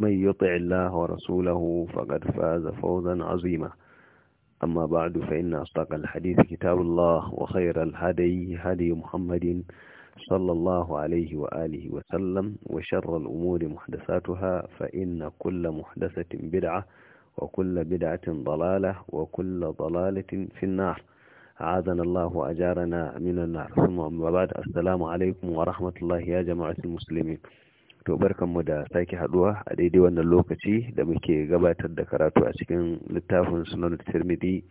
من يطع الله ورسوله فقد فاز فوزا عظيما أما بعد فإن أصدق الحديث كتاب الله وخير الهدي هدي محمد صلى الله عليه وآله وسلم وشر الأمور محدثاتها فإن كل محدثة بدعة وكل بدعة ضلالة وكل ضلالة في النار عاذنا الله وأجارنا من النار ثم بعد السلام عليكم ورحمة الله يا جماعة المسلمين to barkanmu da sake haduwa a daidai wannan lokaci da muke gabatar da karatu a cikin littafin sunan tirmidhi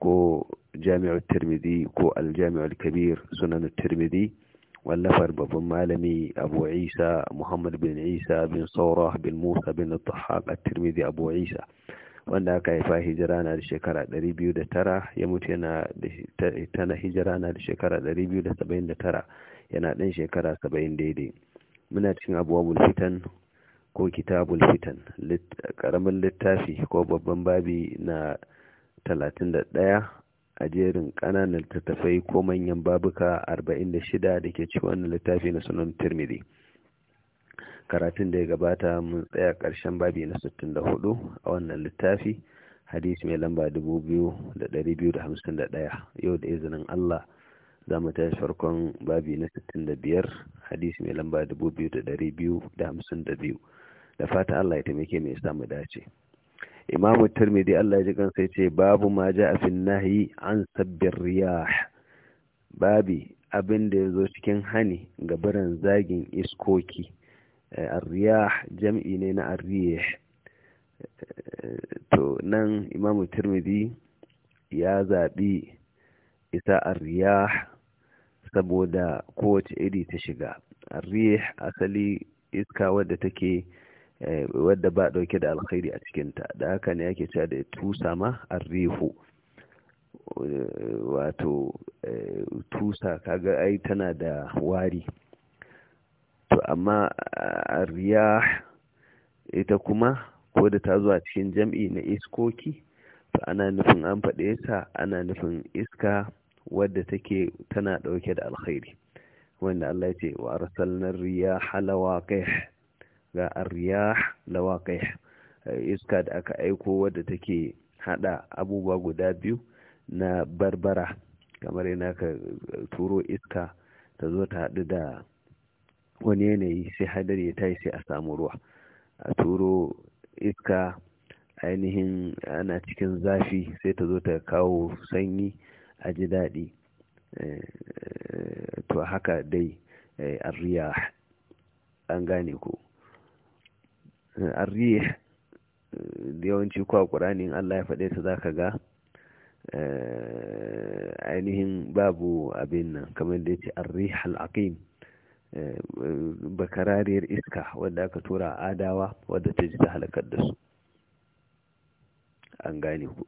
ko jami'ar tirmidhi ko aljami'ar kabir sunan tirmidhi wallafar babban malami abu isa muhammad bin isa bin saura bin musa bin tahaq a tirmidhi abu isa wanda aka haifa hijira na da shekara 209 ya mutu yana tana hijira na da shekara 279 yana dan shekara 70 daidai muna cikin abubuwan fitan ko kitabul fitan karamin littafi ko babban babi na 31 a jerin ƙananan littattafai ko manyan babuka 46 da ke ci wannan littafi na sunan tirmidhi karatun da ya gabata mun tsaya ƙarshen babi na 64 a wannan littafi hadisi mai lamba 2251 yau da izinin Allah za mu tashi farkon babi na 65 hadisi mai lamba 2252 da fata Allah ya taimake mai samu dace imamu tirmidhi Allah ya ji kansa ce babu ma ja a fin nahi an sabbin riyah babi abin da ya zo cikin hani ga barin zagin iskoki eh, riya jam'i ne na arriyah eh, to nan imamu tirmidhi ya zaɓi ita arriyah saboda kowace iri ta shiga arriyah asali iska wadda take eh, wadda ba dauke da alkhairi a cikinta da haka ne yake cewa da tusa ma arrihu eh, wato eh, tusa kaga ai tana da wari to amma arriyah ita kuma ko da ta zuwa cikin jam'i na iskoki to ana nufin an faɗe ta ana nufin iska wadda take tana ɗauke da alkhairi wanda Allah ya ce wa arsalnar riyah lawaqih ga arriyah lawaqih iska da aka aiko wadda take hada abubuwa guda biyu na barbara kamar yana ka turo iska ta zo ta hadu da wani yanayi sai hadari ya tashi sai a samu ruwa a turo iska ainihin ana cikin zafi sai ta zo ta kawo sanyi a ji daɗi eh, to haka dai eh, arriya an gane ko eh, arriya da yawanci kuwa ƙuranin Allah ya faɗe ta za ka ga ainihin babu abin nan kamar da ya ce arriya al'aƙim bakarariyar iska wadda aka tura adawa wadda ta ji ta halakar da su an gane ku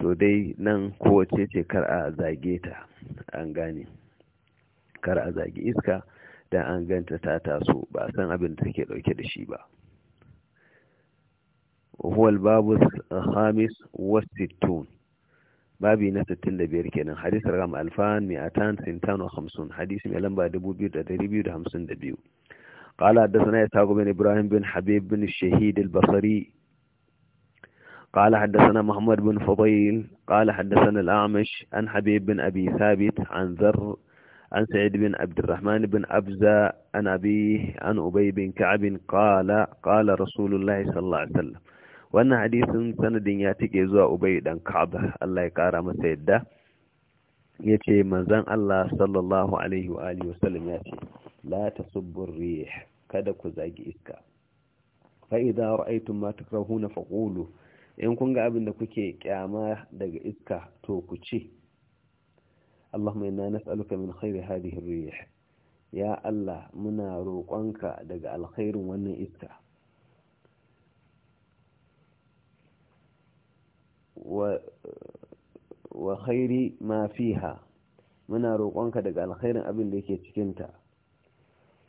to dai nan kowace ce kar a zage ta an gane kar a zage iska dan an ganta ta taso ba san abin da take dauke da shi ba huwal babu khamis wa sittun babi na 65 kenan hadis rakam alfan mi'atan sintan wa khamsun hadis mai lamba 2252 قال حدثنا يساق بن إبراهيم بن حبيب بن الشهيد البصري قال حدثنا محمد بن فضيل قال حدثنا الأعمش عن حبيب بن أبي ثابت عن ذر عن سعيد بن عبد الرحمن بن أبزة عن أبيه عن أبي بن كعب قال قال رسول الله صلى الله عليه وسلم wannan hadisin sanadin ya tike zuwa Ubay dan Ka'ab Allah ya kara masa yadda yace manzon Allah sallallahu alaihi wa alihi wasallam yace la tasubbu rih kada ku zagi iska fa idza ra'aytum ma in kun ga abin da kuke kyama daga iska to ku ce Allahumma inna nas'aluka min khairi hadhihi ar-rih ya Allah muna roƙonka daga alkhairin wannan iska wa wa khairi ma fiha muna roƙonka daga alkhairin abin da yake cikinta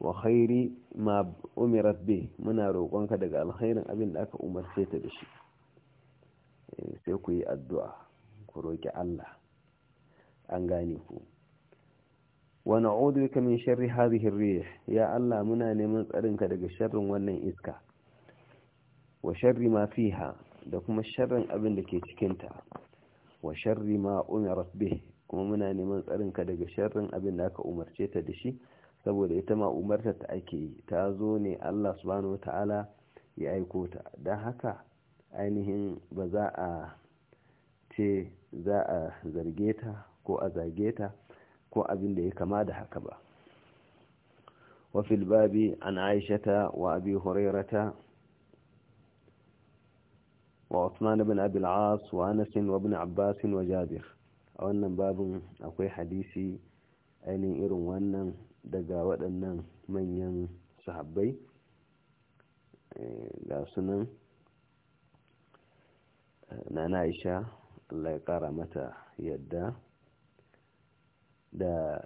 wa khairi ma umirat bi muna roƙonka daga alkhairin abin da aka umarce ta da shi Eh, sai ku yi addu'a ku roƙi Allah an gane ku wani odu ka min sharri hadhihi rih ya Allah muna neman tsarinka daga sharrin wannan iska wa sharri ma fiha da kuma sharrin abin da ke cikinta wa sharri ma umarat bih kuma muna neman tsarinka daga sharrin abin da aka umarce ta da shi saboda ita ma umarta ta ake yi ta zo ne Allah subhanahu ta'ala ya aiko ta don haka ainihin ba za a ce za a zarge ta ko a zage ta ko abin da ya kama da haka ba wa babi وفي wa عن عائشة وأبي هريرة wa anasin wa العاص abbasin wa jabir a wannan babin akwai hadisi ainihin irin wannan daga waɗannan manyan sahabbai eh, ga sunan na Aisha Allah ya kara mata yadda da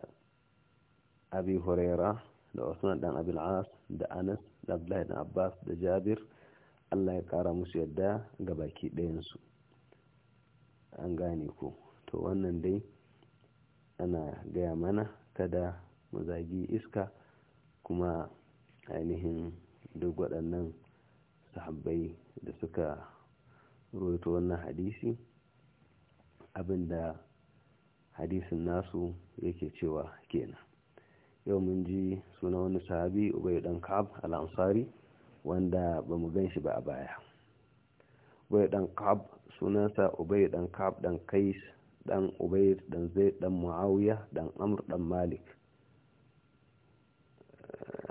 Abi Huraira da Usman dan Abil As da Anas da Abdullahi dan Abbas da Jabir Allah ya kara musu yadda ga baki ɗayansu an gane ku to wannan dai ana gaya mana kada mu zagi iska kuma ainihin duk waɗannan sahabbai da suka ruwaito wannan hadisi abinda hadisin nasu yake cewa kenan yau mun ji suna wani sahabi ubai dan kab al-ansari wanda bamu mu gan shi ba a baya ubai dan kab sunansa ubai dan kab dan kais dan ubai dan zai dan muawiya dan amr dan malik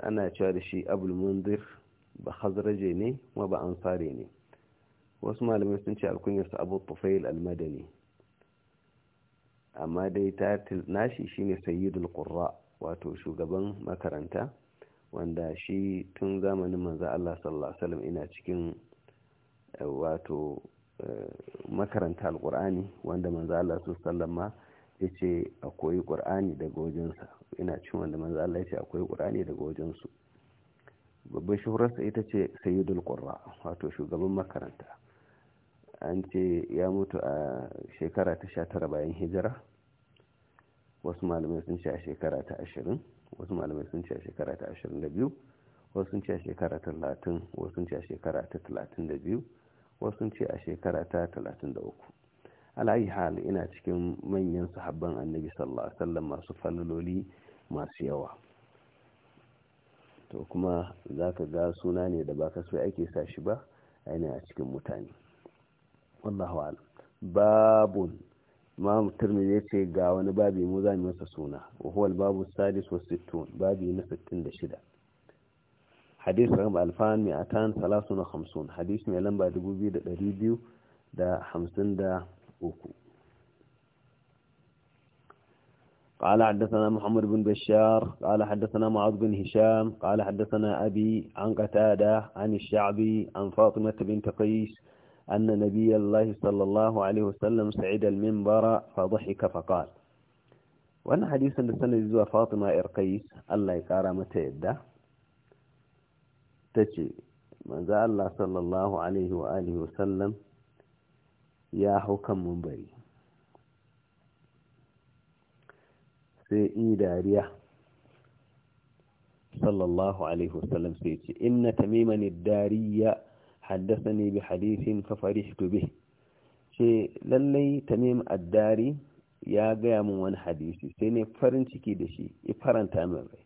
ana cewa da shi abul munzir ba khazraje ne kuma ba ansari ne wasu malamai sun ce su abu tufail almadani amma dai tatil nashi shine sayyidul qurra wato shugaban makaranta wanda shi tun zamanin manzo Allah sallallahu alaihi wasallam ina cikin eh, wato eh, makaranta alqur'ani wanda manzo Allah sallallahu alaihi wasallam ya yace akwai qur'ani daga wajensa ina cikin wanda manzo Allah yace akwai qur'ani daga wajensu babban shuhurarsa ita ce sayyidul qurra wato shugaban makaranta an ce ya mutu a shekara ta sha bayan hijira wasu malamai sun ce a shekara ta ashirin wasu malamai sun ce a shekara ta ashirin da biyu wasu sun ce a shekara ta talatin wasu sun ce a shekara ta talatin da biyu wasu sun ce a shekara ta talatin da uku ala'ayi hal ina cikin manyan sahabban annabi sallallahu alaihi wasallam masu falloli masu yawa to kuma za ka ga suna ne da ba ka so ake sa shi ba ainihin a cikin mutane wallahu alam babun imam turmi ya ce ga wani babi mu za mu masa suna wa huwa al babu sadis wa sittun babi na 66 hadis rakam alfan mi atan 350 hadith hamsin hadis mai lamba 2253 قال حدثنا محمد بن بشار قال حدثنا معاذ بن هشام قال حدثنا أبي عن قتادة عن الشعبي عن فاطمة بنت قيس أن نبي الله صلى الله عليه وسلم سعيد المنبر فضحك فقال وأن حديثا لسنة زوى فاطمة إرقيس الله يكرمته يده تجي من ذا الله صلى الله عليه وآله وسلم يا حكم منبري سيئي داريا صلى الله عليه وسلم سيئي إن تميما الدارية haddasani bi hadisin fafarihtu bih ce lallai tamim addari ya gaya min wani hadisi sai ne farin ciki da shi ya faranta min rai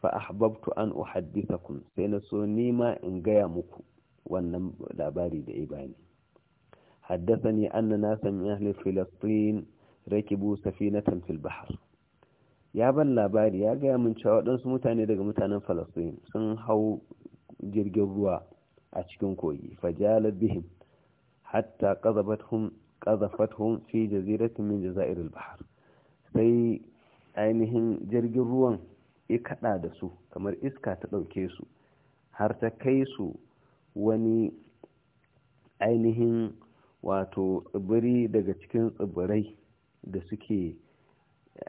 fa ahbabtu an uhaddithakum sai na so ni ma in gaya muku wannan labari da ibani haddasani anna nasan min ahli filastin rakibu safinatan fil bahr ya ban labari ya gaya min cewa waɗansu mutane daga mutanen falastin sun hau jirgin ruwa a cikin kogi fajalat bihim hatta qazabathum qazafathum fi jaziratin min al bahr sai ainihin jirgin ruwan ya kada da su kamar iska ta dauke su har ta kai su wani ainihin wato tsibiri daga cikin tsibirai da suke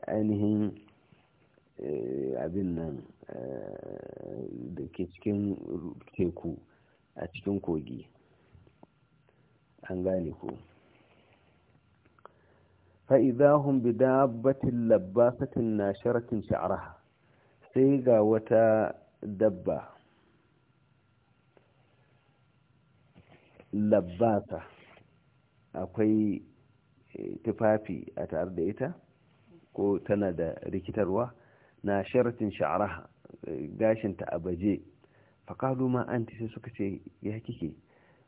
ainihin eh, abin nan eh, da ke cikin teku a cikin kogi an gane ko fa'izahun bi dabbatin labbasatin na sharatin sha'ara sai ga wata dabba labbasa akwai eh, tufafi a tare da ita ko tana da rikitarwa na sharatin eh, gashinta a baje faƙalu ma an sai suka ce ya kike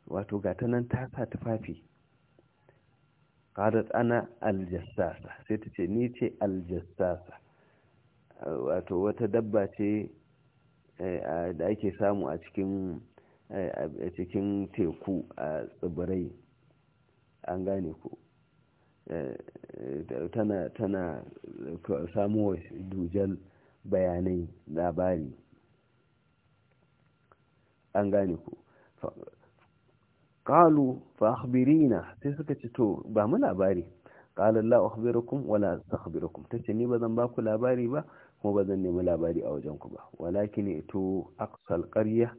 wato gata nan ta sa tufafi ƙarar ana aljassasa sai ta ce ni ce aljassasa wato wata dabba ce eh, da ake samu a cikin eh, a cikin teku a tsibirai an gane ku eh, tana tana samuwa dujal bayanai labari an gane ku kalu fa akhbirina sai suka ce to ba mu labari qala la akhbirukum wala astakhbirukum tace ni ba zan ba ku labari ba kuma zan nemi labari a wajen ku ba walakin to aqsal qarya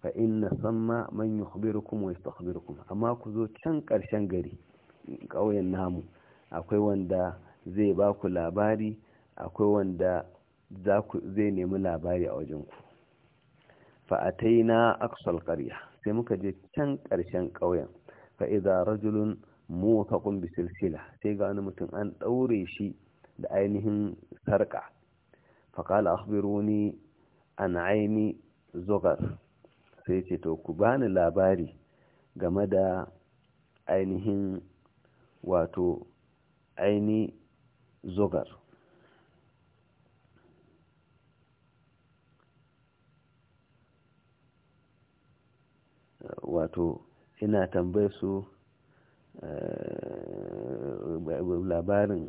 fa inna samma man yukhbirukum wa yastakhbirukum amma ku zo can karshen gari ƙauyen namu akwai wanda zai ba ku labari akwai wanda zai nemi labari a wajen ku fa'atai na aksal ƙarya sai muka je can ƙarshen ƙauyen fa'iza rajulun muwafaqun bi silsila sai ga wani mutum an ɗaure shi da ainihin sarƙa faƙala akhbiruni an aini zogar sai ce to ku bani labari game da ainihin wato aini zogar wato ina tambayar su eh, labarin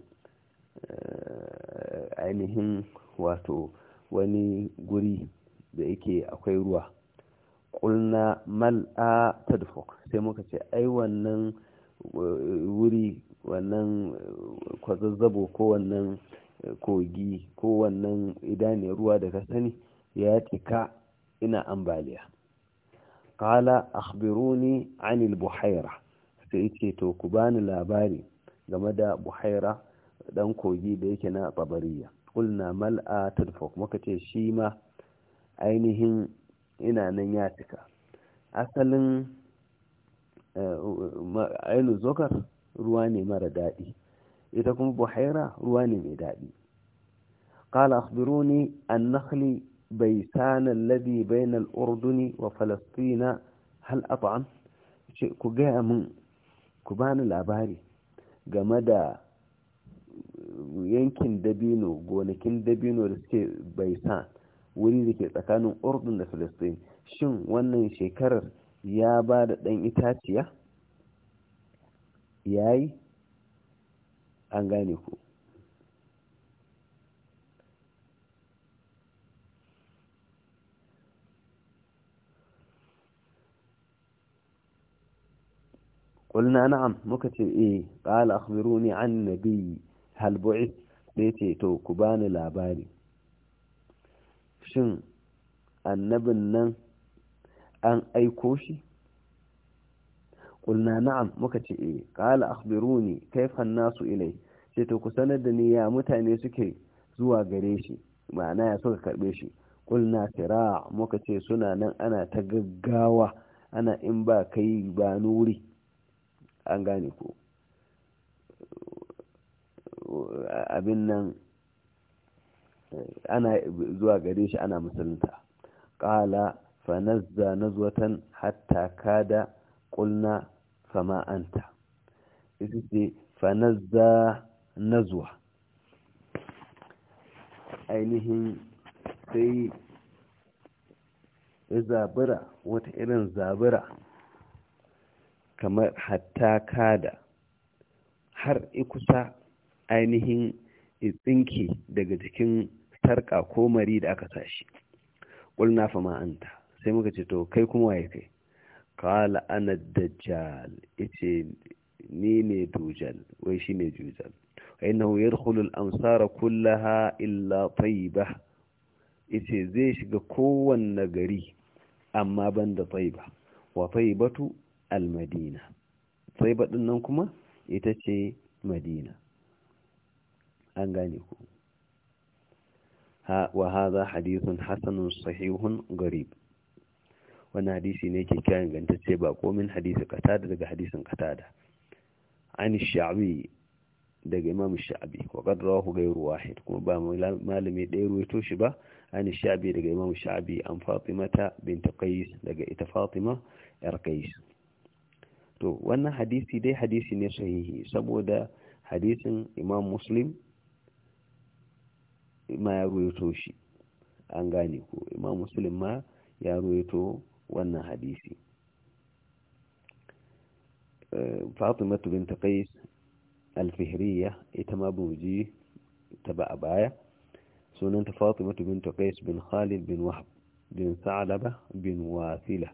eh, ainihin wato wani guri da yake akwai ruwa ƙulna mal'a tadfok sai muka ce ai wannan eh, wuri wannan kwazazzabo ko wannan kogi ko wannan idane ruwa da sani ya cika ina ambaliya Kala akhbiruni anil buhaira sai ce to ku bani labari game da buhaira dan kogi da yake na babariya kulna mal'a tudfa kuma kace shi ma ainihin ina nan ya cika asalin eh, ainu zokar ruwa ne mara daɗi ita kuma buhaira ruwa ne mai daɗi قال an nakhli. baitan alladhi bayna al-urduni wa falastina hal at'am ku gaya min ku bani labari game da yankin dabino gonakin dabino da suke sa wuri da ke tsakanin urdun da filistin shin wannan shekarar ya ba da ɗan itaciya yayi an gane ku qulna na'am muka ce eh qala akhbiruni an nabi hal bu'ith da ce to ku bani labari shin annabin nan an aiko shi qulna na'am muka ce eh qala akhbiruni kayfa nasu ilai sai to ku sanar da ni ya mutane suke zuwa gare shi ma'ana ya suka karbe shi qulna sira muka ce suna nan ana ta gaggawa ana in ba kai ba nuri an gane ko abin nan ana zuwa gare shi ana musulunta ƙala fanazza nazwatan hatta ka da ƙulna fama anta ita ce fanazza nazwa ainihin sai zabura wata irin zabura kamar hatta kada har ikusa ainihin tsinke daga cikin sarƙa ko mari da aka sashi ƙulna fa ma'anta sai muka ce to kai kuma waye kai kawala ana dajjal ita ni ne dujal wai shi ne jujal innahu yadkhulul amsara kullaha illa tayyiba ice zai shiga kowanne gari amma banda tayyiba wa tayyibatu al-madina sai baɗin nan kuma ita ce madina an gane ku wa haza hadithun hasanun sahihun garib wani hadisi ne ke kyan gantacce ba komin hadisi katada daga hadisin katada an sha'abi daga imam sha'abi wa qadrahu gairu wahid kuma ba malami ɗaya ruwaito shi ba an sha'abi daga imam sha'abi an fatimata bint qais daga ita fatima yar qais to wannan hadisi dai hadisi ne sahihi saboda hadisin imam muslim ma ya ruwaito shi an gane ko imam muslim ma ya ruwaito wannan hadisi eh, fatima binta qais fihriya ita ma buji ta ba a baya sunanta fatima bin qais bin khalid bin wahab bin sa'laba bin wasila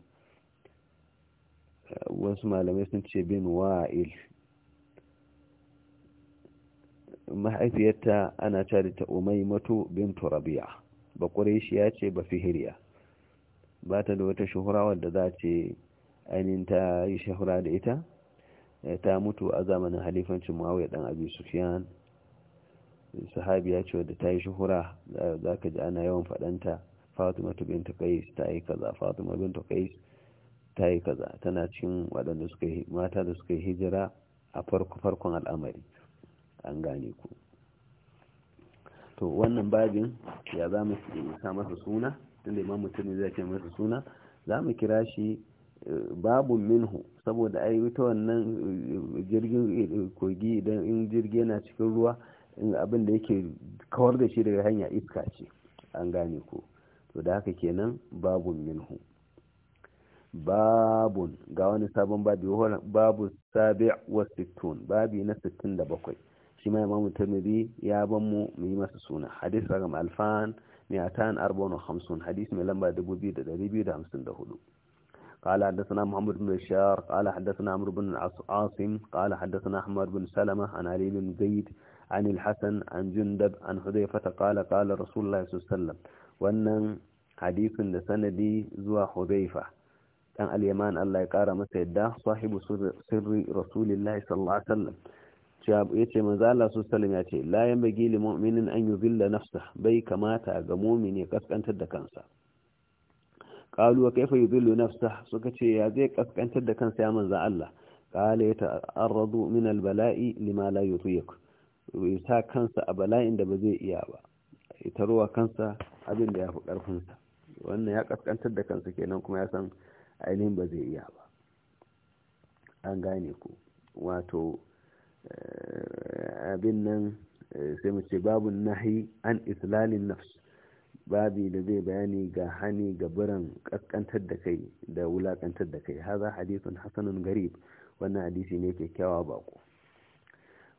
wasu malamai sun ce bin wa'il mahaifiyarta ana cari ta umaimatu bin turabiya ba ƙureshi ya ce ba fihiriya ba ta da wata shahura wadda za ce ainihin ta yi shahura da ita eh, ta mutu a zamanin halifancin mawai dan abu sufiyan sahabi ya ce wadda ta yi shahura za ka ji ana yawan faɗanta fatima bin ta ta yi kaza fatima bin ta ta yi kaza tana cin waɗanda suka yi mata da suka yi hijira a farkon al'amari an gane ku to wannan babin ya za mu sa masa suna inda imam mutum zai ce masa suna za mu kira shi eh, babun minhu saboda ai ita wannan eh, jirgin eh, kogi idan in jirgi yana cikin ruwa abin da yake kawar da shi daga hanya iska ce an gane ku to da haka kenan babu minhu babun ga wani sabon babi babu sabi wa sittun babi na sittin da bakwai shi ma imamu tirmidhi ya ban mu mu yi masa suna hadis ragam alfan mi'atan arba'un wa hamsin hadis mai lamba dubu biyu da dari biyu da hamsin da hudu قال حدثنا محمد بن بشار قال حدثنا عمرو بن عاصم قال حدثنا احمد بن سلمة عن علي بن زيد عن الحسن عن جندب عن حذيفة قال قال رسول الله صلى الله عليه وسلم حديث dan al-yaman Allah ya kara masa yadda sahibu sirri rasulillahi sallallahu alaihi wasallam yace manzo Allah su sallam ya ce la yanbaghi lil mu'minin an yuzilla nafsa bai kamata ga mu'mini kaskantar da kansa qalu wa kayfa yuzillu nafsa suka ce ya zai kaskantar da kansa ya manzo Allah qala ta'arradu min al-bala'i lima la yutiq sa kansa a bala'in da ba zai iya ba itarowa kansa abin da ya fi sa wannan ya kaskantar da kansa kenan kuma ya san ainihin ba zai iya ba an gane ku wato eh, abin nan eh, sai mu ce babu nahi an islalin nafs babi da zai bayani ga hani ga biran kaskantar da kai da wulakantar da kai haza hadithun hasanun garib wannan hadisi ne kyakkyawa bako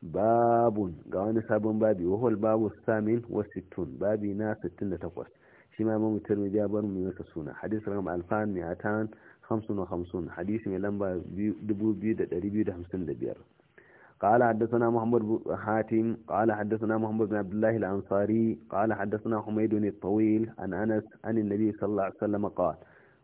babun ga wani sabon babi wahol babu samin wa sittun babi na 68 shi ma mamu tirmidhi ya bar mu masa suna hadis ram alfan mi'atan hamsin حديث من لمبا 2255 قال حدثنا محمد بن حاتم قال حدثنا محمد بن عبد الله الأنصاري قال حدثنا حميد الطويل عن أنس عن النبي صلى الله عليه وسلم قال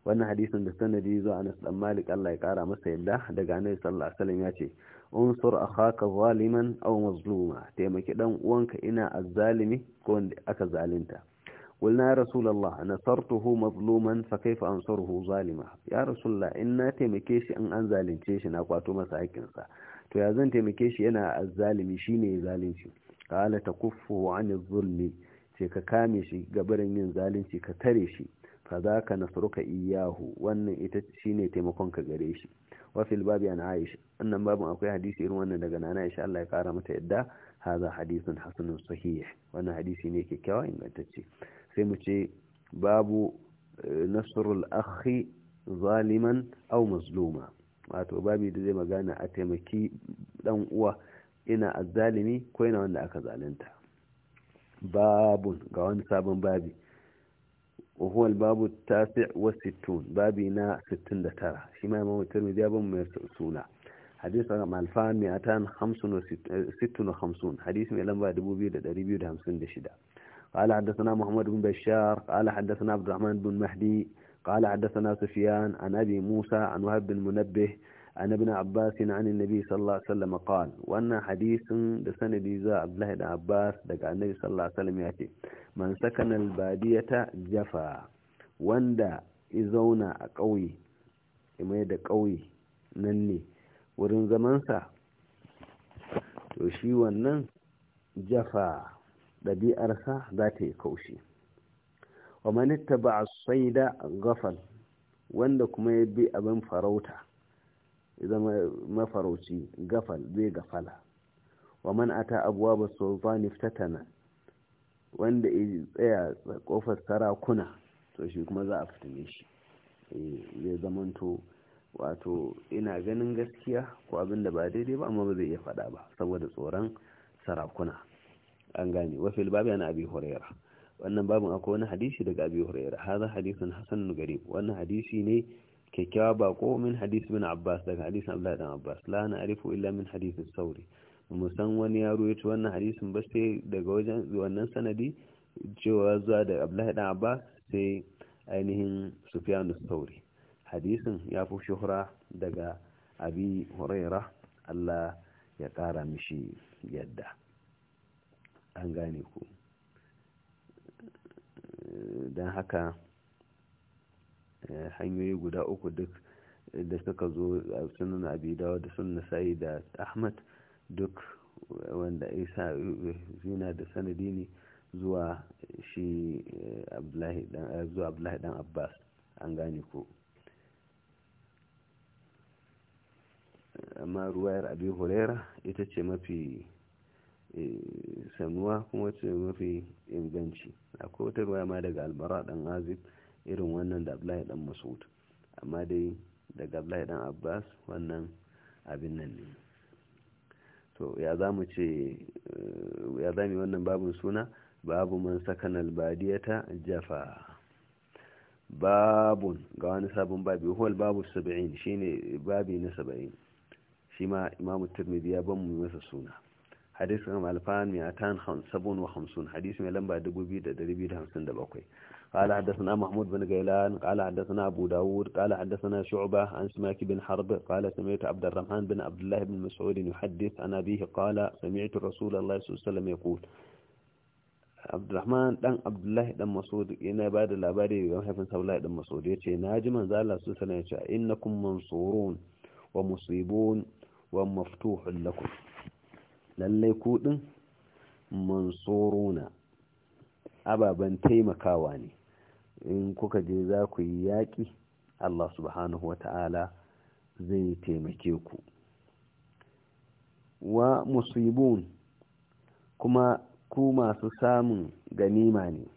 وأن حديث دستان ديزو عن بن مالك الله يقارى مسيدا دقى النبي صلى الله عليه وسلم ياتي انصر akhaka ظالما aw مظلوما taimaki dan وانك ina الظالمي كون wanda aka قلنا يا رسول الله نصرته مظلوما فكيف أنصره ظالما يا رسول الله إنا تمكيشي أن أنزالنشيش ناقواتو مساكنسا تو يا زن تمكيشي أنا الظالمي شيني ظالمشي قال تكفه عن الظلم ce ka kame shi gabarin yin zalunci ka tare shi fa za ka nasruka iyahu wannan ita shine taimakon ka gare shi wa fil babi aisha annan babin akwai hadisi irin wannan daga nana aisha Allah ya kara mata yadda hadha hadisin hasanun sahih wannan hadisi ne kyawa ingantacce sai mu ce babu eh, nasarar akhi zaliman au mazluma wato babu da zai magana a taimaki dan uwa ina a ko ina wanda aka zalunta babu ga wani sabon babi huwal babu tasi wa sittun babi na 69 shi ma yi mamatar mai zaben mai suna hadis a malfa mai atan 56 hadis mai lamba 2256 قال حدثنا محمد بن بشار قال حدثنا عبد الرحمن بن مهدي قال حدثنا سفيان عن أبي موسى عن وهب بن منبه عن ابن عباس عن النبي صلى الله عليه وسلم قال وأن حديث لسند زا عبد الله بن عباس دقى النبي صلى الله عليه وسلم يأتي من سكن البادية جفا واندا إزونا قوي إما يدى قوي نني ورن زمانسا to shi wannan jafa ɗabi'arsa za ta yi kaushi wa manitta ba a saida gafal wanda kuma ya bi abin farauta zama mafarauci gafal zai gafala wa man ata abuwa ba sultani fitatana wanda ya tsaya kofar sarakuna to shi kuma za a fitine shi eh, zai zamanto wato ina ganin gaskiya ko abin da ba daidai ba amma ba zai iya faɗa ba saboda tsoron sarakuna an gane wa fil babi ana abi huraira wannan babin akwai wani hadisi daga abi huraira hadha hadithun hasanun gari wannan hadisi ne ba ko min hadisi bin abbas daga hadisin abdullahi dan abbas la na arifu illa min hadisi sauri musan wani ya ruwaito wannan hadisin ba sai daga wajen wannan sanadi cewa zuwa da abdullahi dan abbas sai ainihin sufyan sauri hadisin ya fi shuhura daga abi huraira Allah ya kara mishi yadda an gane ku don haka eh, hanyoyi guda uku duk da suka zo a sunan abidawa da sunan nasayi da ahmad duk wanda isa zina da sanadi ne zuwa shi eh, eh, abdullahi dan abbas an gane ku amma ruwayar abin hulera ita ce mafi Eh, sanuwa kuma ce mafi inganci akwai wata ruwa ma daga albara dan azib irin wannan da abdullahi dan masud amma dai daga abdullahi dan abbas wannan abin nan ne to ya za mu ce eh, ya za mu wannan babun suna babu man sakan albadiyata jafa babun ga wani sabon babi huwal babu 70 shine babi na 70 shi ma imamu tirmidhi ya ban mu masa suna hadisi kan alfan mi'atan hamsabun wa hamsun hadisi mai lamba dubu da dari biyu da hamsin da bakwai قال حدثنا محمود بن غيلان قال حدثنا أبو داود قال حدثنا شعبة عن سماك بن حرب قال سمعت عبد الرحمن بن عبد الله بن مسعود يحدث عن أبيه قال سمعت رسول الله صلى الله عليه وسلم يقول عبد الرحمن دان عبد الله دان مسعود yana ba da labari ga mahaifin Abdullahi dan Mas'ud yace naji manzo Allah su yace innakum mansurun wa musibun wa maftuhun lakum lallai kuɗin mansorona ababen taimakawa ne in kuka je za ku yi yaƙi Allah subhanahu wa ta'ala zai taimake ku wa musibun kuma ku masu samun ganima ne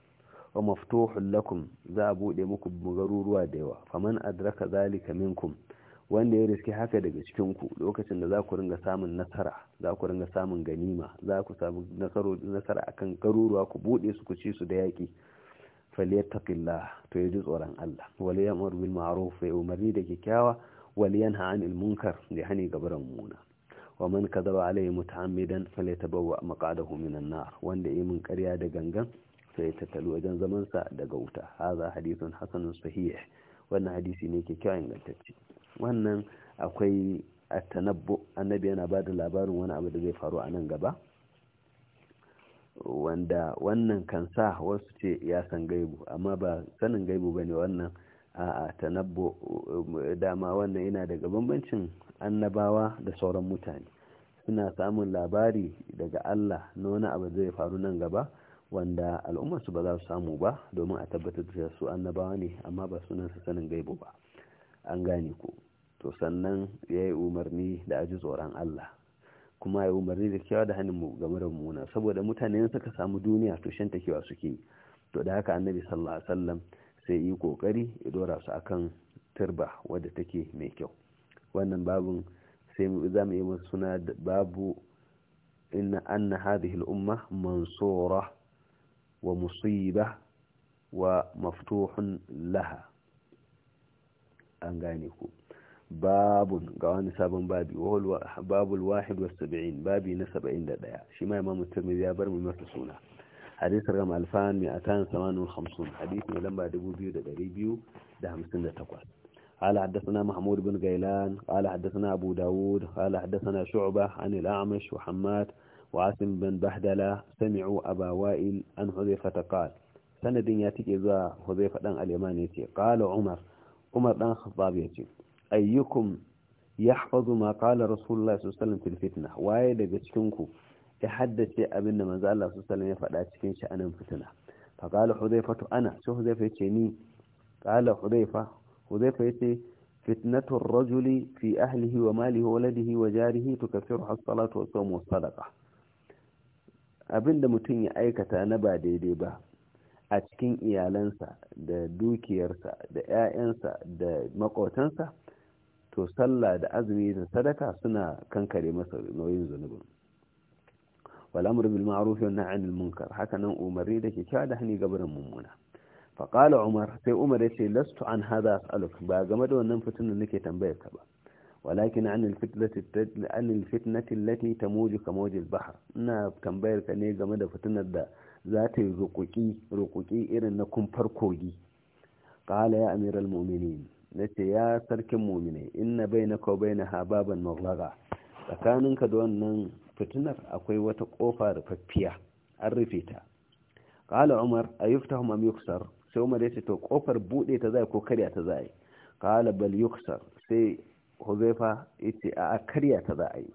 wa maftuhun lakum za a buɗe muku garuruwa da yawa faman adraka zalika minkum wanda ya riske haka daga cikin ku lokacin da za ku ringa samun nasara za ku ringa samun ganima za ku samu nasara akan garuruwa ku bude su ku ci su da yaki falyattaqillah to yaji tsoron Allah wal ya'mur bil ma'ruf wa umarni da kikkiawa wal yanha 'anil munkar da hani gabaran muna wa man kadaba alayhi muta'ammidan falyatabawwa maq'adahu minan nar wanda yayi min ƙarya da gangan sai ta talu wajen zaman sa daga wuta haza hadithun hasanun sahih wannan hadisi ne kikkiawa ingantacce wannan akwai a tanabbo annabi yana ba da labarin wani abu da zai faru a nan gaba wanda wannan kan sa wasu ce ya san gaibu amma ba sanin gaibu ba ne wannan a tanabbo dama wannan yana daga bambancin annabawa da sauran mutane suna samun labari daga Allah na wani abu zai faru nan gaba wanda al'ummarsu ba za su samu ba domin a tabbatar da su annabawa ne amma ba sunan su sanin gaibu ba an gane ku to sannan ya yi umarni da aji tsoron Allah kuma ya yi umarni da kyawa da hannun game da muna saboda mutane suka samu duniya to shan takewa suke to da haka annabi sallallahu alaihi wasallam sai yi kokari ya dora su akan turba wadda take mai kyau wannan babun sai za mu yi masa suna da babu inna anna hadhihi al-umma mansura wa musiba wa maftuhun laha an gane ku babun ga wani sabon babi babul wahid wasu sabi'in babi na saba'in da ɗaya shi ma imamu ya bar mu mata suna hadisar gama alfan mai a tayin samanin hamsin hadisi mai lamba dubu biyu da ɗari biyu da hamsin da takwas ala haddasa mahmud bin gailan ala haddasa abu dawud ala haddasa na shu'ba an al'amish muhammad wa asim bin bahdala sami'u aba an huzaifa ta sanadin ya tike zuwa huzaifa dan al'imani yace qala umar umar dan khattab yace. ayyukum yahfazu ma qala rasulullahi sallallahu alaihi wasallam fil fitna waye daga cikin ku ya haddace abin da manzo Allah sallallahu alaihi wasallam ya faɗa cikin sha'anin fitina fa qala to ana sai hudayfa yace ni qala hudayfa hudayfa yace fitnatu ar-rajuli fi ahlihi wa malihi wa waladihi wa jarihi tukaffiru as-salatu wa sawmu sadaqa abinda mutum ya aikata na ba daidai ba a cikin iyalansa da dukiyarsa da 'ya'yansa da makotansa to sallah da azumi da sadaka suna kankare masa nauyin zunubin wal'amur bil ma'ruf wa nahy anil munkar haka nan umarni da kyakkyawa da hani gabarin mummuna fa qala umar sai umar ya ce lastu an hadha as'aluk ba game da wannan fitina nake tambayar ka ba walakin anil fitnati anil fitnati allati tamuju ka al-bahr ina tambayar ka ne game da fitinar da za ta yi rukuki rukuki irin na kumfar kogi qala ya amiral mu'minin na ce ya sarkin mumine inna bai na bai na hababan maglaga tsakaninka da wannan fitinar akwai wata ƙofa rufaffiya an rufe ta ƙala umar a yi fita hama yuksar sai umar ya ce to ƙofar buɗe ta zai ko karya ta zai kala bal yuksar sai huzaifa ya ce a karya ta zai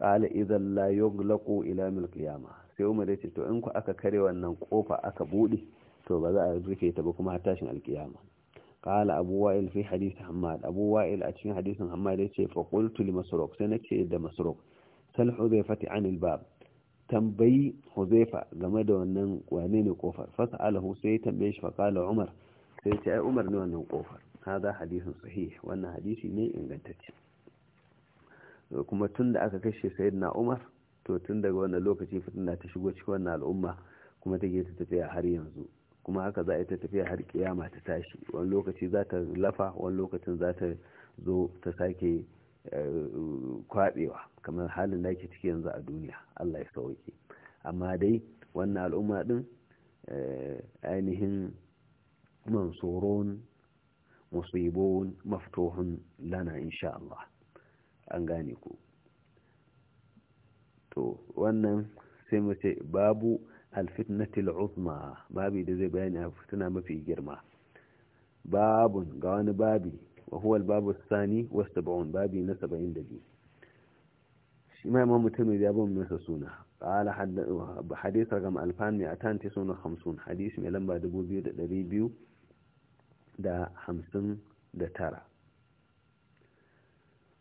ƙala idan la yuglaku ila mil qiyama sai umar ya ce to in ku aka kare wannan ƙofa aka buɗe to ba za a rufe ta ba kuma har tashin alkiyama qala abu wa'il fi hadith hammad abu wa'il a cikin hadisin hammad ya ce qultu li masruq sai nace da masruq sal huzaifati anil bab tambayi huzaifa game da wannan wane ne kofar fasalahu sai ya tambaye shi fa umar sai ya ce ai umar ne wannan kofar hada hadisin sahih wannan hadisi ne ingantacce kuma tun da aka kashe sayyidina umar to tun daga wannan lokaci fitina ta shigo cikin wannan al'umma kuma take ta tafiya har yanzu kuma haka za a yi ta tafiya har kiyama ta tashi wani lokaci za ta lafa wani lokacin za ta zo ta sake eh, kwabewa kamar halin da ke ciki yanzu a duniya allah ya sauke amma dai wannan al'umma din eh, ainihin mansoron musibon maftohun lana insha Allah an gane ku to wannan sai mu ce babu alfitnatil uzma babi da zai bayani a fitina mafi girma babun ga wani babi wa huwa babu sani wa sab'un babi na 72 shi ma imam mutum ya bin masa suna qala hadith ragam alfan mi atan tisuna khamsun hadith mai lamba 2259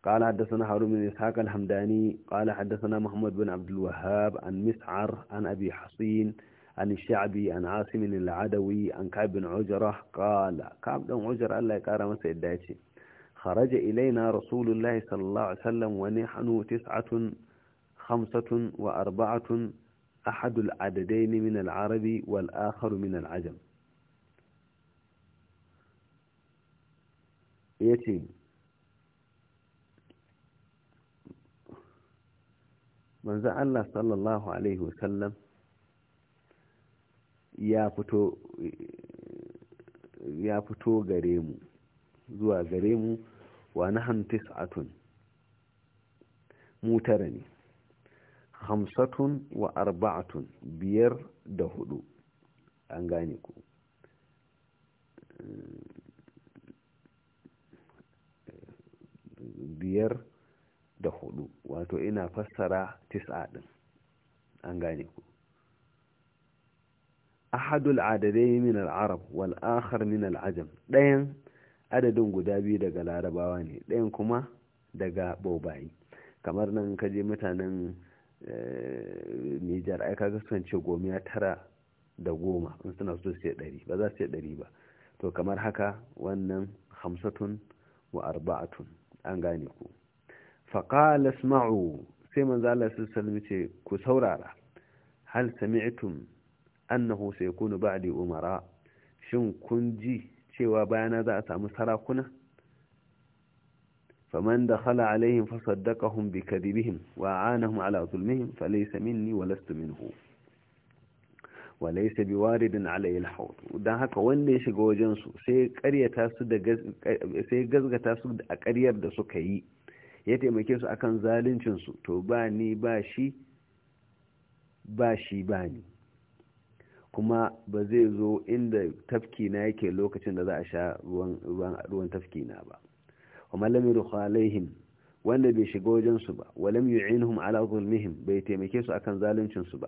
قال حدثنا هارون بن إسحاق الحمداني قال حدثنا محمد بن عبد الوهاب عن مسعر عن أبي حصين عن الشعبي عن عاصم العدوي عن كعب بن عجرة قال كعب بن عجرة الله يكرم سيداتي خرج إلينا رسول الله صلى الله عليه وسلم ونحن تسعة خمسة وأربعة أحد العددين من العرب والآخر من العجم يتيم manzan Allah sallallahu alaihi wasallam ya fito gare mu zuwa gare mu wa nahnu a tun mutara ne hamsatun wa arba'atun biyar da hudu an gane ku biyar da hudu wato ina fassara tis'a din an gane ku ahadul adadai min al-arab wal akhar min al-ajam dayan adadin guda biyu daga larabawa ne dayan kuma daga bobayi kamar nan ka je mutanen eh, Nijar ai ka kasance gomiya tara da goma in suna so sai ɗari ba za su sai ɗari ba to kamar haka wannan hamsatun wa arba'atun an gane ku faƙala sma'u sai manzo Allah sallallahu ce ku saurara hal sami'tum annahu sayakunu ba'di umara shin kun ji cewa bayana za a samu sarakuna faman dakhala alaihim fasaddaqahum bikadibihim wa anahum ala zulmihim falaysa minni wa lastu minhu wa laysa biwaridin alayhi alhawd dan haka wanda ya shiga wajen su sai ƙaryata su da sai gazgata su a ƙaryar da suka yi ya taimake su akan zaluncinsu to ba ni ba shi ba shi ba ni kuma ba zai zo inda tafki na yake lokacin da za a sha ruwan na ba kuma mallam yadkhu alaihim wanda bai shiga wajen su ba walam yu'inhum ala zulmihim bai taimake su akan zaluncin su ba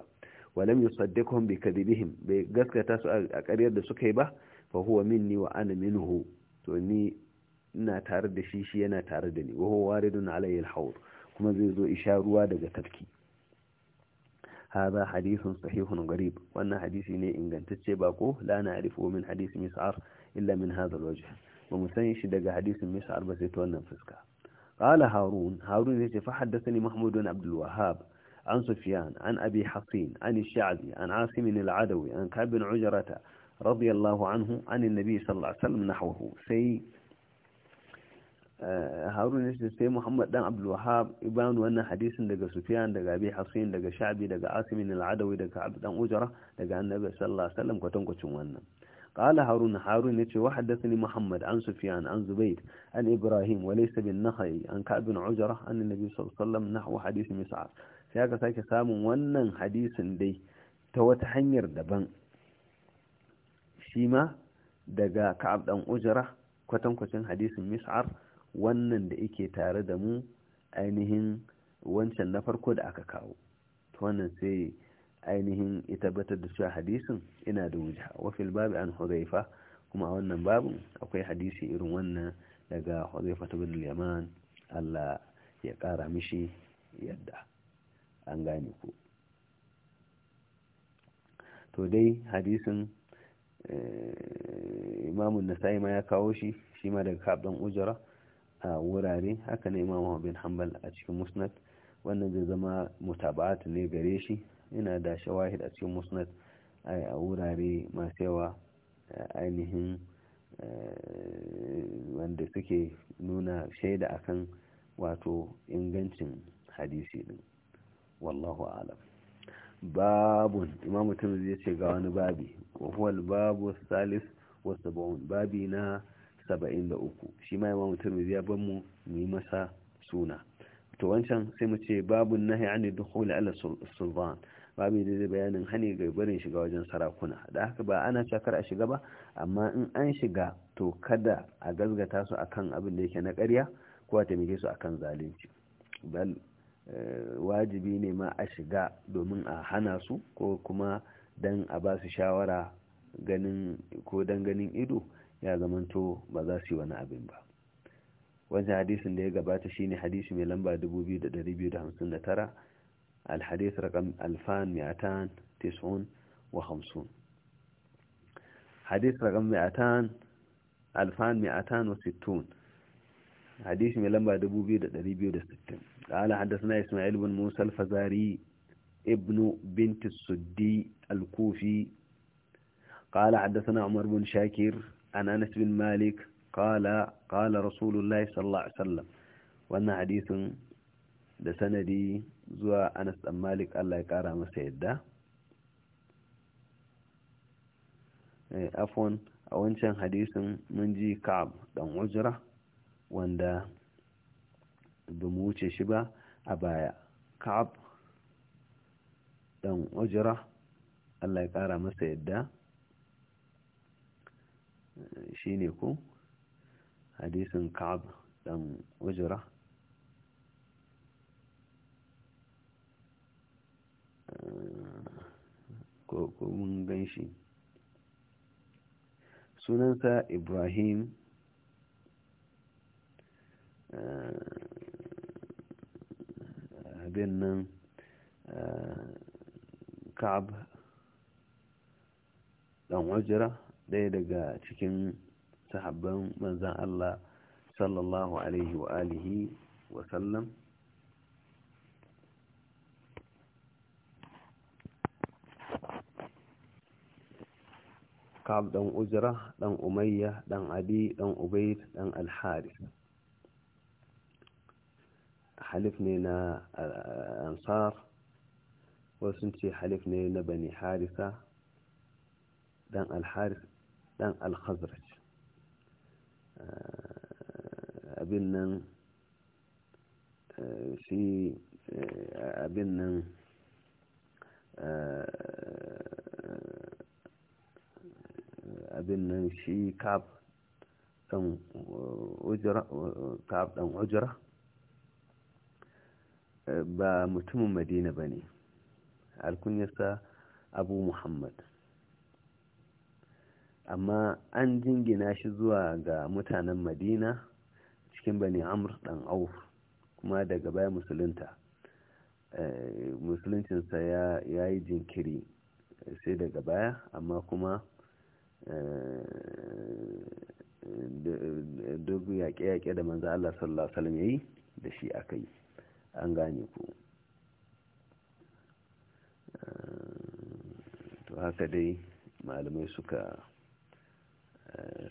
walam yusaddiqhum bi kadibihim bai gaskata su a karyar da suka yi ba fa huwa minni wa ana minhu to ni ina tare da shi shi yana tare da ni wa huwa waridun alayhi al-hawd kuma zai zo isha ruwa daga tafki hadha hadithun sahihun gharib wannan hadisi ne ingantacce ba ko la na arifu min hadith mis'ar illa min hadha al-wajh ba mu shi daga hadith mis'ar ba sai ta fuska qala harun harun yace fa haddathani mahmud ibn abd al-wahhab an sufyan an abi hasin an ash-sha'bi an asimi min al an kab ibn ujrata radiyallahu anhu an an-nabi sallallahu alaihi wasallam sai Eh, harun ya sai muhammad dan abdulwahab ibanu wannan hadisin daga sufiyan daga abi hasin daga sha'bi daga asimin al'adawi daga abd dan ujra daga annabi sallallahu alaihi wasallam kwatankwacin wannan قال هارون هارون يتي وحدثني محمد عن سفيان عن زبيد عن إبراهيم وليس بالنخي عن كعب بن عجرة عن النبي صلى الله عليه وسلم نحو حديث مسعر سياك ونن حديث دي دبن شيما كعب بن حديث wannan da yake tare da mu ainihin wancan na farko da aka kawo ta wannan sai ainihin ita batar da cewa hadisin ina da wuja wafil babu an hudaifa kuma a wannan babin akwai hadisi irin wannan daga hudaifa ta bin yaman Allah ya kara mishi yadda an gane ku to dai hadisin eh, imamun nasa'i ma ya kawo shi shi ma daga kabdan ujara a wurare haka ne imam bin hanbal a cikin musnad wannan zai zama mutaba'at ne gare shi yana da shawahid a cikin musnad a wurare masu yawa ainihin wanda suke nuna shaida akan wato ingancin hadisi din wallahu alam babun imamu ya ce ga wani babi wa huwa babu salis wa sab'un babi na uku shi ma yawan mutum ya ban mu mu masa suna to wancan sai mu ce babu nahi an dukhul ala sultan babu da zai bayanin hani ga barin shiga wajen sarakuna da haka ba ana cakar a shiga ba amma in an shiga to kada a gazgata su akan abin da yake na karya ko a taimake su akan zalunci bal eh, wajibi ne ma a shiga domin a hana su ko kuma dan a ba su shawara ganin ko dan ganin ido ya zamanto ba za su yi wani abin ba wajen hadisin da ya gabata shi ne hadisi mai lamba 2259 alhadis raqam alfan mi'atan tis'un wa hamsun hadis raqam mi'atan alfan mi'atan wa sittun hadis mai lamba 2260 qala hadathana isma'il bin musa alfazari fazari ibn bint suddi al-kufi قال حدثنا عمر بن شاكر an anas bin malik qala qala rasulullahi sallallahu wannan hadisin da sanadi zuwa anas dan malik Allah ya kara masa yadda afwan a wancan hadisin mun ji ka'ab dan ujra wanda ba mu wuce shi ba a baya ka'ab dan ujra Allah ya kara masa yadda shi ne ko hadisin ka'ab dan ujira eh, ko mun gan shi sunansa ibrahim eh, abin nan eh, ka'ab dan ujira ɗaya daga cikin sahabban manzan Allah sallallahu alaihi wa alihi wa sallam Ka'ab dan Ujra dan Umayya dan Adi dan ubaid dan alharis halif ne na Ansar wasu ce halif ne na Bani Harisa dan alharis. dan al-khazraj eh, eh, eh, abin nan shi abin nan abin nan shi kaf ɗan ujra ba mutumin madina ba ne alkunyarsa abu muhammad amma an jingina shi zuwa ga mutanen madina cikin bani amur dan auf kuma daga baya musulunta eh, musuluncinsa ya yi jinkiri sai daga baya amma kuma eh, duk yaƙe-yaƙe da manzo Allah sallallahu alaihi yayi da shi aka yi an gane ku eh, to haka dai malamai suka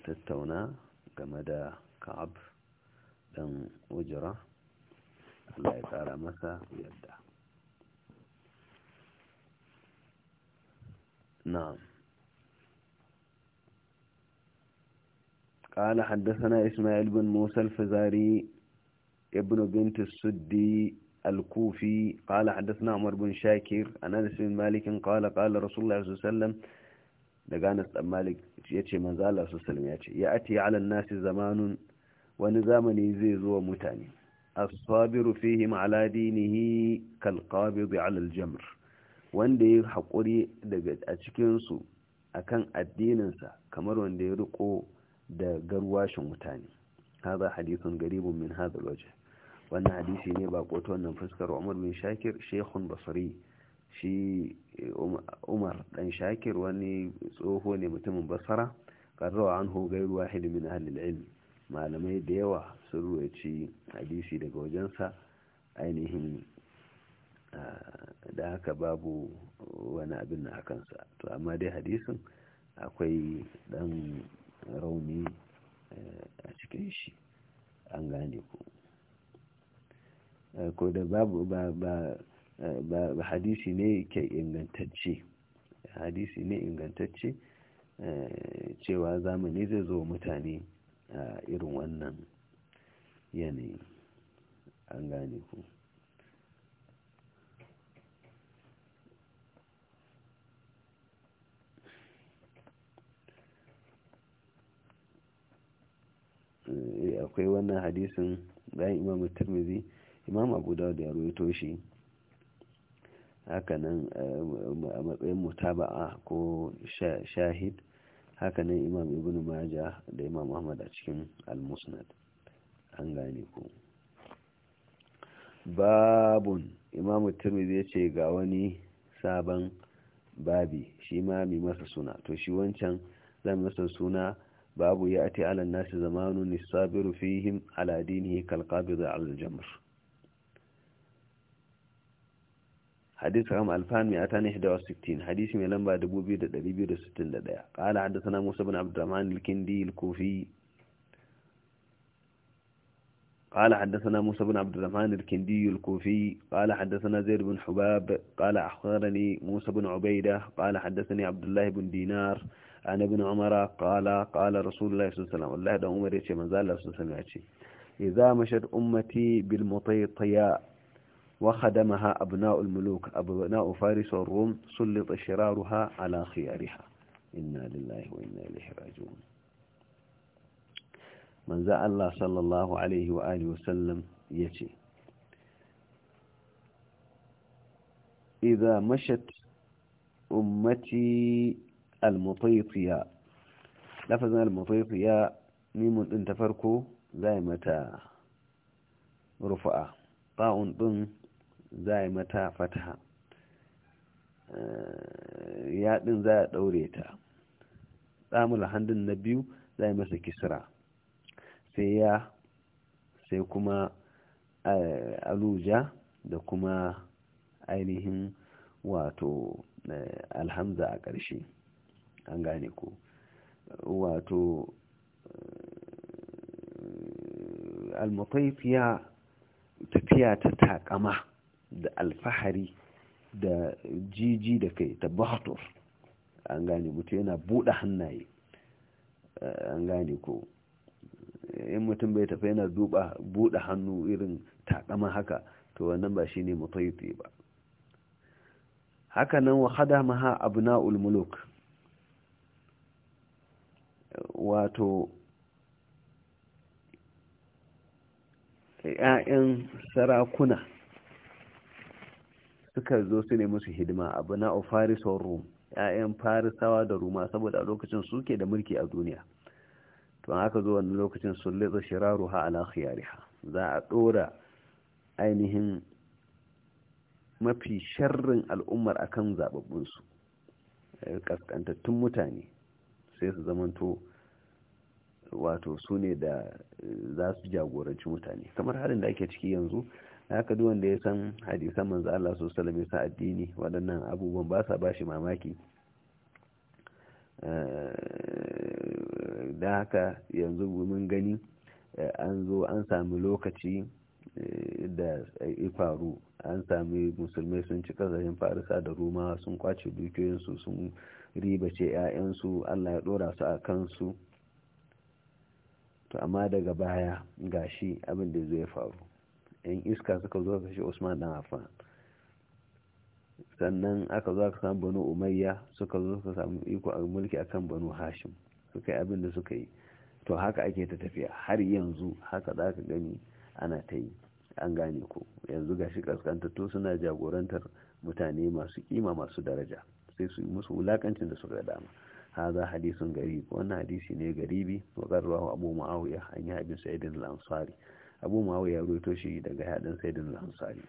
تتونا كمدى كعب دم وجرة الله تعالى مسا tsara نعم قال حدثنا إسماعيل بن موسى الفزاري ابن بنت السدي الكوفي قال حدثنا عمر بن شاكر عن أنس بن مالك قال قال رسول الله صلى الله عليه وسلم daga Anas dan Malik yace manzo Allah sallallahu alaihi ya ce ya ati ala nasi zamanun wani zamani zai zo wa mutane as-sabiru fihim ala dinihi kal qabid ala al-jamr wanda ya hakuri daga a cikin su akan addininsa kamar wanda ya riko da garwashin mutane hada hadithun garibun min hadha al wannan hadisi ne ba ta wannan fuskar Umar bin Shakir Sheikhun basri shi eh, umar dan shakir wani tsoho ne mutumin basara karrawa an hogai ruwa hilimin ahalil ilm malamai da yawa sun ruwaci hadisi daga wajensa ainihin ah, da haka babu wani abin na kansa to amma dai hadisin akwai dan rauni eh, a cikin shi an gane ku eh, ko da babu ba Ba hadisi ne ke ingantacce hadisi ne ingantacce eh, cewa zamani zai zo mutane a eh, irin wannan yanayi an gane ku eh, akwai wannan hadisin bayan imam turmizi imam abu da ya rawaito shi hakanan eh, a matsayin mutaba'a ko shahid hakanan imam ibn maja da imam ahmad a cikin al-musnad an gane ku babun imam tirmidhi ya ga wani sabon babi shi ma mai masa suna to shi wancan zai masa suna babu ya ati alan nasi zamanun nisabiru fihim ala dinihi kalqabid al-jamr حديث رقم 2261 حديث من لمبا 2261 قال حدثنا موسى بن عبد الرحمن الكندي الكوفي قال حدثنا موسى بن عبد الرحمن الكندي الكوفي قال حدثنا زيد بن حباب قال أخبرني موسى بن عبيدة قال حدثني عبد الله بن دينار عن ابن عمر قال قال رسول الله صلى الله عليه وسلم الله ده عمر يتي من زال الله صلى الله عليه وسلم إذا مشت أمتي بالمطيطياء وخدمها أبناء الملوك أبناء فارس والروم سلط شرارها على خيارها إنا لله وإنا إليه راجعون من ذا الله صلى الله عليه وآله وسلم يتي إذا مشت أمتي المطيطية لفظنا المطيطية ميم انت فركو زي متى رفعه طاء za a mata fataha eh, ya za a daure ta damul handin na biyu za a masa kisra sai ya sai kuma eh, aluja da kuma ainihin wato eh, alhamza a ƙarshe an gane ku. wato almataifiya tafiya ta takama da alfahari da jiji da kai ta bahtur an gane mutu yana buɗe hannaye eh, an gane ko in mutum bai tafi yana buɗe hannu irin taƙama haka to wannan ba shi ne mutaiti ba haka nan wa hada maha abu na'ul muluk wato ‘ya'yan sarakuna’ suka zo su ne musu hidima abu na farisar rum ‘ya'yan farisawa da ruma saboda lokacin suke da mulki a duniya to aka zo wani lokacin Shiraru ha ala khiyariha za a ɗora ainihin mafi sharrin al'ummar akan zababbun su kaskantattun eh, mutane sai su zamanto wato su ne da eh, za su jagoranci mutane kamar halin da ake ciki yanzu haka duk wanda ya san hadisan manzo Allah sallallahu alaihi wasallam addini waɗannan abubuwan ba sa bashi mamaki eh, da haka yanzu mun gani eh, an zo an sami lokaci eh, da faru an sami musulmai sun ci kasashen farisa da roma sun kwace dukiyoyinsu sun ribace 'ya'yansu allah ya ɗora su a kansu to amma daga baya gashi abin da zai faru yan iska suka zo kashe usman dan affan sannan aka zo aka samu banu umayya suka zo suka samu iko a mulki akan banu hashim suka yi abin da suka yi to haka ake ta tafiya har yanzu haka za ka gani ana ta yi an gane ku yanzu gashi kaskantattu suna jagorantar mutane masu kima masu daraja sai su yi musu wulakancin da suka dama هذا حديث غريب وانا حديث ني غريبي وقال رواه ابو معاويه عن ابن سعيد الانصاري abu muawiya ya ruwaito shi daga hadin sayyidin al-ansari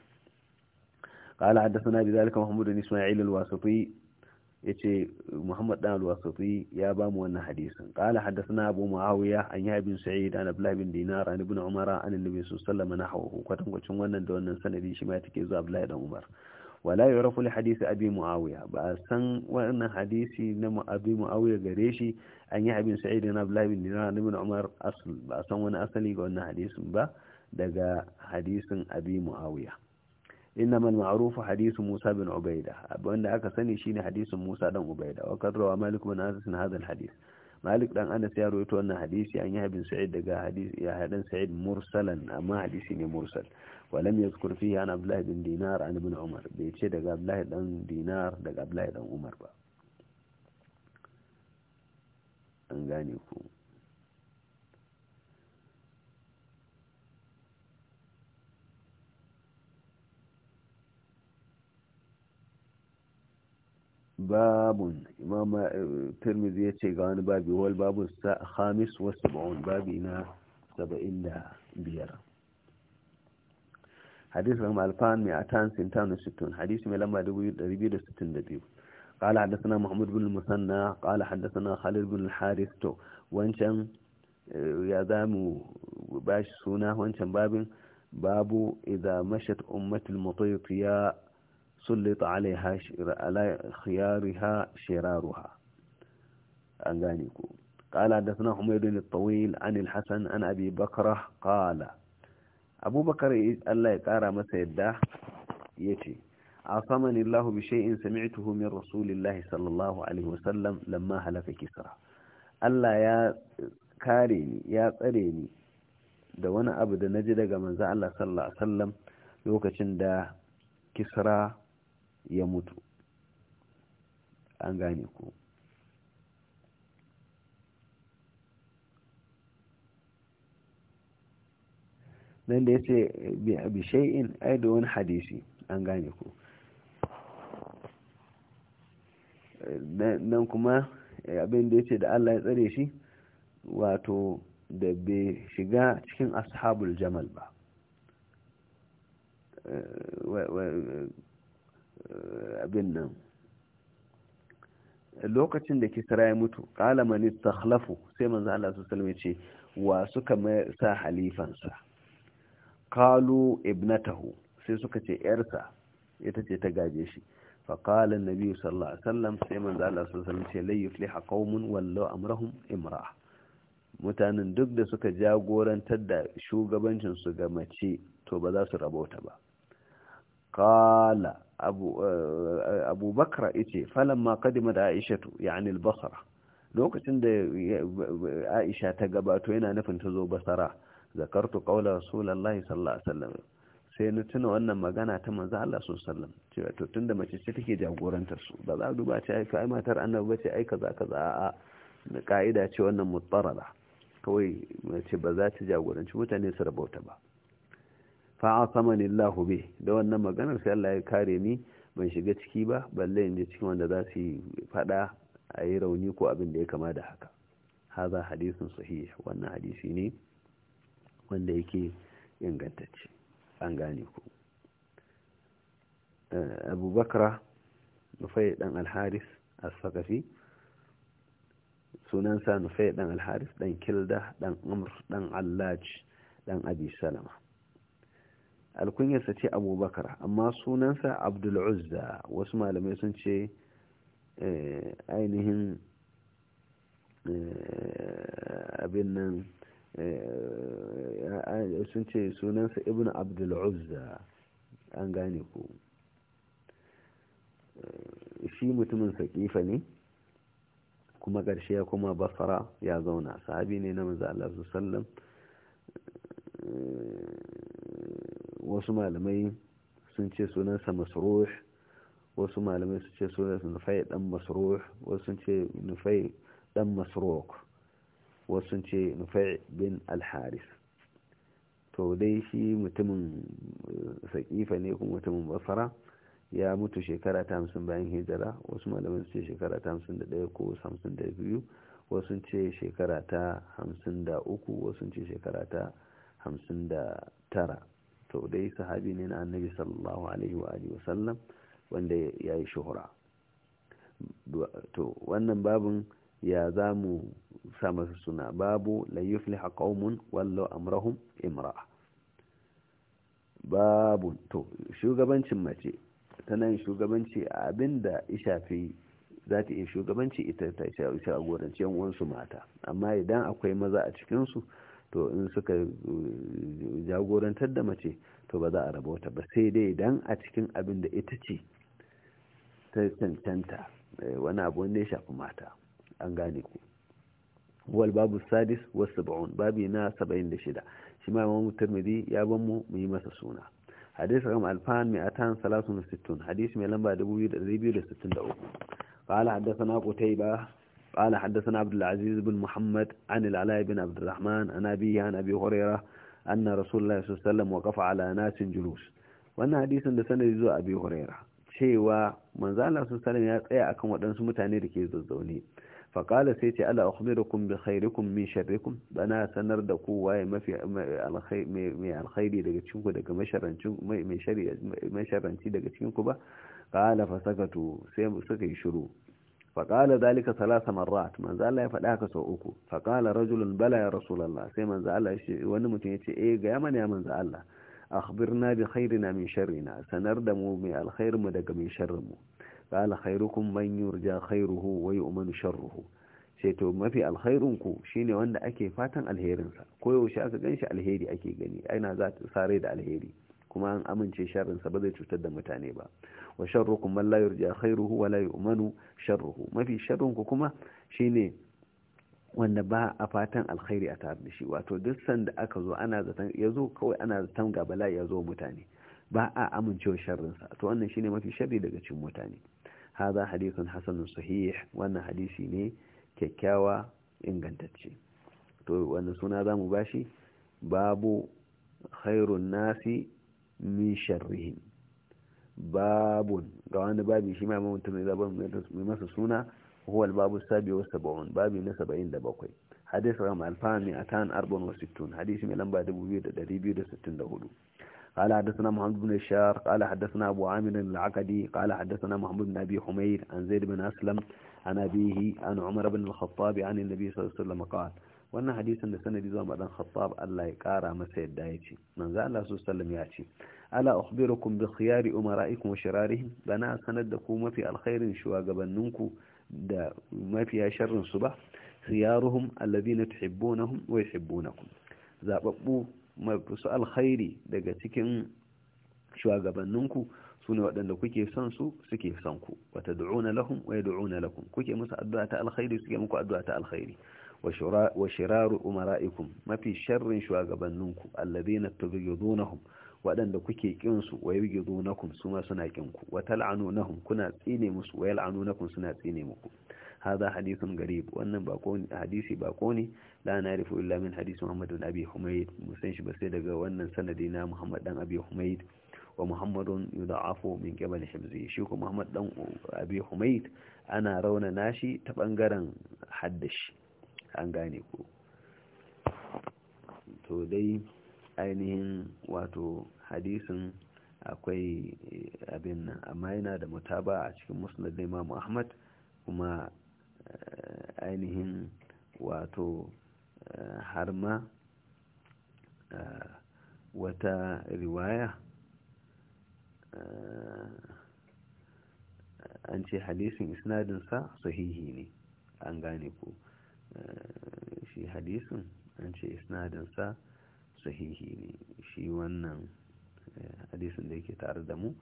qala haddathana bi zalika muhammad isma'il alwasufi ya ce muhammad dan alwasufi ya ba mu wannan hadisin qala haddasa abu muawiya an ya bin sa'id an abdullah bin dinar an ibn umara an annabi sallallahu alaihi wasallam nahwahu kwatan wannan da wannan sanadi shi ma take zuwa abdullah dan umar wala yi rafu da hadisi abi mu'awiya ba a san wannan hadisi na abi mu'awiya gare shi an yi abin sa'id na abdullahi bin dinar na bin umar ba a san wani asali ga wannan hadisin ba daga hadisin abi mu'awiya inna man ma'rufu hadisi musa bin ubaida wanda aka sani shine hadisin musa dan ubaida wa kadra wa malik bin anas na hadal hadis malik dan anas ya rawaito wannan hadisi an yi abin sa'id daga hadisi ya hadan sa'id mursalan amma hadisi ne mursal ولم يذكر فيه عن عبد الله بن دينار عن ابن عمر بيتشي دقى عبد الله بن دينار دقى عبد الله بن عمر با an gane ku babun imam tirmidhi ya ce ga wani babi wal babu khamis wa sab'un babi na 75 حديث رقم 2260 حديث من لما ربيد قال حدثنا محمد بن المثنى قال حدثنا خالد بن الحارث تو وانشان آه، يا دام باش سونا وانشان باب باب إذا مشت أمة المطيطية سلط عليها على خيارها شرارها أنغانيكو قال حدثنا حميد الطويل عن الحسن عن أبي بكرة قال abubakar Allah ya kara masa yadda ya ce a samani Allah bi shay'in sami'tuhu min rasulillahi sallallahu alaihi wasallam lamma halaka kisra Allah ya kare ni ya tsare ni da wani abu da ji daga manzo Allah sallallahu alaihi wasallam lokacin da kisra ya mutu an gane ku don da ya ce bishai'in ai da wani hadisi an gane ku nan kuma eh, abin da ya ce da Allah ya tsare shi wato da bai shiga cikin ashabul jamal ba eh, eh, abin nan lokacin da kisra ya mutu kala ta sai manzo Allah sallallahu alaihi ce wa suka sa halifansa kalu ibnatahu sai suka ce yarsa ita ce ta gaje shi faƙalin na nabi sallallahu alaihi wasallam sai manzo Allah sallallahu alaihi wasallam ce la yufliha qaumun amrahum imra mutanen duk da suka jagorantar da shugabancin su ga mace to ba za su ta ba ita abu eh, abubakar yace da Aisha tu yani al-basra lokacin da aisha ta gabato yana nufin ta zo basara zakartu qawla rasulullahi sallallahu alaihi wasallam sai na tuna wannan magana ta manzo Allah sun sallam cewa to tunda mace ce take jagorantar su ba za a duba ce ai matar annabi bace ai kaza kaza a da ka'ida ce wannan mutarrada kawai mace ba za ta jagoranci mutane su rabauta ba fa asamani Allahu bi da wannan maganar sai Allah ya kare ni ban shiga ciki ba balle in je cikin wanda za su yi fada a yi rauni ko abin da ya kama da haka haza hadisin sahih wannan hadisi ne wanda yake ingantacce an gane ku eh, nufai dan alharis asfakafi sunansa nufai dan alharis dan kilda dan amur dan allaj dan abi salama alkunyarsa ce abubakar amma sunansa abdul'uzza wasu malamai sun ce eh, ainihin eh, abin nan Eh, sun ce sunansa ibn abdul uzza an gane ku eh, shi mutumin saƙifa ne kuma ƙarshe ya kuma basara ya zauna sahabi ne na maza Allah sallam eh, wasu malamai sun ce sunansa masruh wasu malamai sun ce sunansa nufai dan masruh wasu sun ce nufai dan masruh wasu ce nufai bin alharis to dai shi mutumin eh, sakifa ne kuma mutumin basara ya mutu shekara ta hamsin bayan hijira wasu malamin su ce shekara ta hamsin da ɗaya ko hamsin da biyu wasu ce shekara ta hamsin da uku wasu ce shekara ta hamsin da tara to dai sahabi ne na annabi sallallahu alaihi wa alihi wasallam wanda ya yi shuhura to wannan babin ya za mu sa masa suna babu la yufliha wallo imra'a babu to shugabancin mace tana shugabanci abin ya shafi za ta iya shugabanci ita ta shagoranci yan mata amma idan akwai maza a cikinsu to in suka eh, jagorantar da mace to ba za a rabauta ba sai dai idan a cikin abin da ita ce ta cancanta eh, wani abu wanda ya shafi mata an gane ku wal babu sadis wa sab'un babi na 76 shi ma imamu tirmidhi ya ban mu mu yi masa suna hadis kam alfan mai atan 360 hadis mai lamba 2263 qala haddathana qutayba قال حدثنا عبد العزيز بن محمد عن العلاء بن bin الرحمن عن أبيه عن أبي هريرة أن رسول rasulullah صلى الله عليه وسلم ala nasin julus wannan hadisin da sanadi zuwa abi huraira cewa manzo Allah sallallahu alaihi wasallam ya tsaya akan waɗansu mutane da ke zazzaune faƙala sai ce ala akhbirukum bi khairikum min sharrikum bana sanar da ku waye mafi mai alkhairi daga cikin ku daga masharancin mai mai masharranci daga cikin ku ba qala sakatu sai suka yi shiru faƙala zalika salasa marrat manzo Allah ya faɗa ka sau uku faƙala rajulun bala ya rasulullah sai manzo Allah wani mutum ya ce eh ga mana ya manzo Allah akhbirna bi khairina min sharrina sanar da mu mai mu daga mai mu. قال خيركم من يرجى خيره ويؤمن شره sai to mafi alkhairun ku shine wanda ake fatan alherin sa ko yaushe aka ganshi alheri ake gani aina za ta sare da alheri kuma an amince sharrin sa ba zai cutar da mutane ba wa sharrukum man la yurja khairuhu wa la yu'manu sharruhu mafi sharrun ku kuma shine wanda ba a fatan alkhairi a tare da shi wato duk sanda aka zo ana zaton ya zo kawai ana zaton ga bala'i ya zo mutane ba a amincewa sharrinsa to wannan shine mafi sharri daga cikin mutane haza hadisun hasanun sahih wannan hadisi ne kyakkyawa ingantacce to wannan suna zamu bashi babu khairun nasi min sharrihim babun ga wani babi shi ma mutum ne mai masa suna huwal babu sabi wa saba'un babi na saba'in da bakwai hadis ram alfahami a tan arbon wa sittun hadisi mai lamba dubu قال حدثنا محمد بن الشار قال حدثنا أبو عامر العقدي قال حدثنا محمد بن أبي حمير عن زيد بن أسلم عن أبيه عن عمر بن الخطاب عن النبي صلى الله عليه وسلم قال wannan hadisin da sanadi zuwa madan khattab Allah ya kara masa yadda ya ce manzo Allah su sallam ya ce ala ukhbirukum bi khiyari umara'ikum wa shirarihim bana sanar da ku mafi alkhairin shugabanninku da mafiya sharrin su ba khiyaruhum alladhina tuhibbunahum wa yuhibbunakum zababbu masu alkhairi daga cikin shugabanninku su ne waɗanda kuke son su suke son ku wata du'una lahum wa yad'una lakum kuke musu addu'a ta alkhairi suke muku addu'a ta alkhairi wa shiraru umara'ikum mafi sharrin shugabanninku alladhina tubghidunahum waɗanda kuke kin su wa yubghidunakum su ma suna kin ku wa tal'anunahum kuna tsine musu wa yal'anunakum suna tsine muku هذا حديث غريب wannan bako حديثي باكوني ne نعرف الا من حديث محمد بن ابي حميد humayd بس shi ba sai daga wannan sanadi na muhammad dan abi humayd wa muhammadun yud'afu min qibal hibzi shi ko muhammad dan abi humayd ana rauna nashi ta bangaren haddashi an gane ko to dai ainihin wato hadisin akwai eh, abin nan amma yana da mutaba a cikin musnad da Imam Ahmad kuma ainihin wato har ma wata riwaya an ce hadisin isnadinsa sahihi ne an gane ku shi hadisin an ce isnadinsa sahihi ne shi wannan hadisin da yake tare da mu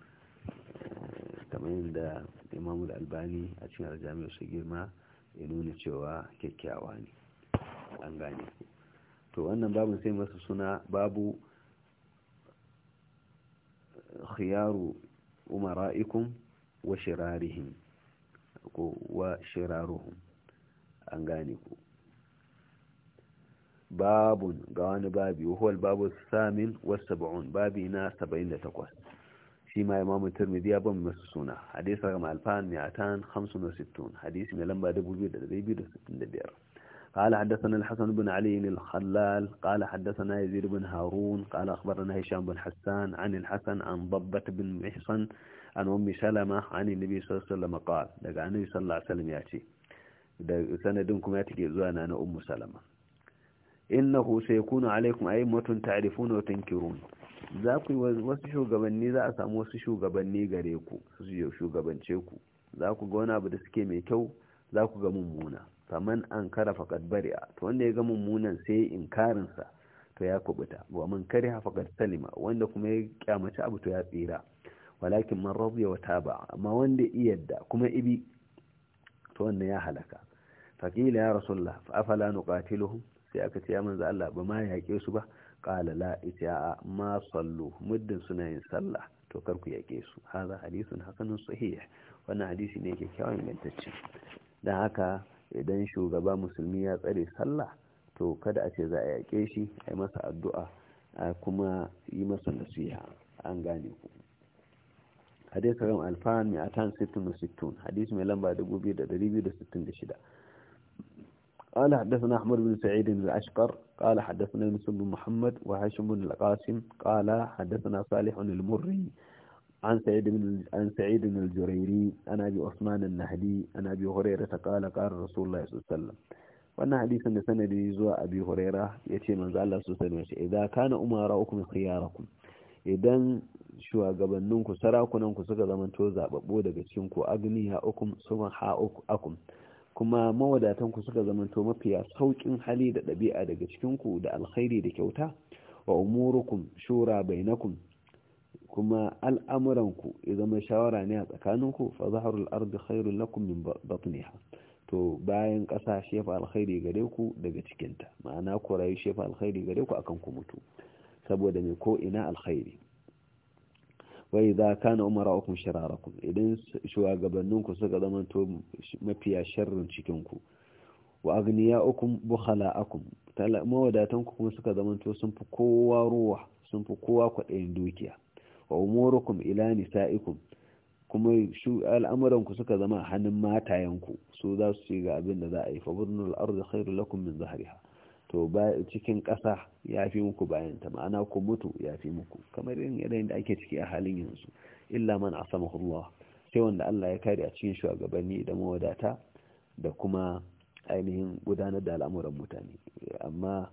kamar yadda da albani a cikin aljami'ar su girma ya nuna cewa kyakkyawa ne an gane ku to wannan babu sai masu suna babu khiyaru umara'ikum wa shirarihim ko wa shiraruhum an gane ku babun ga wani babi wahuwal babu samin wasu saba'un babi na saba'in da takwas shi ma imamu tirmidhi ya ban masu suna hadisi rakam alfan mi'atan hamsin wa sittun hadisi mai lamba dubu biyu da dari biyu da sittin da biyar قال حدثنا الحسن بن علي الخلال قال حدثنا يزيد بن هارون قال أخبرنا هشام بن حسان عن الحسن عن ضبة بن محصن عن أم سلمة عن النبي صلى الله عليه وسلم قال لقى النبي صلى الله عليه وسلم يأتي سندكم يأتي زوانا أنا أم سلمة إنه سيكون عليكم أئمة تعرفون وتنكرون za ku yi wasu shugabanni za a samu wasu shugabanni gare ku su shugabance ku za ku ga wani abu da suke mai kyau za ku ga mummuna saman an kara faƙad bari'a to wanda ya ga mummunan sai ya karinsa to ya kubuta wa man kare faƙad salima wanda kuma ya kyamaci abu to ya tsira walakin man ya wata ba amma wanda iya yadda kuma ibi to wanda ya halaka fakila ya rasu fa afala nuqatiluhum sai aka ce ya manzo Allah ba ma yaƙe su ba qala la iti'a ma sallu muddin suna yin sallah to kar ku yake su hadha hadithun hasanun sahih wannan hadisi ne yake kyawun gantacce dan haka idan shugaba musulmi ya tsare sallah to kada a ce za a yake shi a yi masa addu'a a kuma yi masa nasiha an gane ku hadith ram alfan 266 hadisi mai lamba 2266 قال حدثنا أحمد بن سعيد الأشقر قال حدثنا يونس بن محمد وهاشم بن القاسم قال حدثنا صالح المري عن سعيد بن عن سعيد بن الجريري عن ابي عثمان النهدي عن ابي هريره قال قال رسول الله صلى الله wannan hadisin da sanadi zuwa abi huraira ya ce manzo Allah su sani shi idan kana umara ukum khiyarakum idan shugabannin sarakunan ku suka zama to zababbo daga cikin ku agniya ukum suma ha ukum kuma mawadatanku suka zamanto mafiya sauƙin hali da ɗabi'a daga cikinku da alkhairi da kyauta wa umurukum shura bainakum kuma al'amuranku ya zama shawara ne a tsakaninku fa zaharul ardi khairul lakum min batniha to bayan ƙasa shefa alkhairi gare ku daga cikinta ma'ana ku rayu shefa alkhairi gare ku akan ku mutu saboda mai ko ina alkhairi wai za ka na umara ukun shirarakun idan shugabanninku suka to mafiya sharrin cikinku wa agniya ukun bukhala akun mawadatanku kuma suka zamanto sun fi kowa ruwa sun fi kowa kwaɗayin dukiya wa umurukum ila nisa'ikum kuma al'amuranku suka zama hannun matayenku su za su ci ga abin da za a yi fa burnul arzi khairu lakum min zahriha to cikin ƙasa ya fi muku ta, ma'ana ku mutu ya fi muku kamar yin yanayin da ake ciki a halin yanzu illa man asamahullah sai wanda Allah ya kare a cikin shugabanni da mawadata da kuma ainihin gudanar da al'amuran mutane amma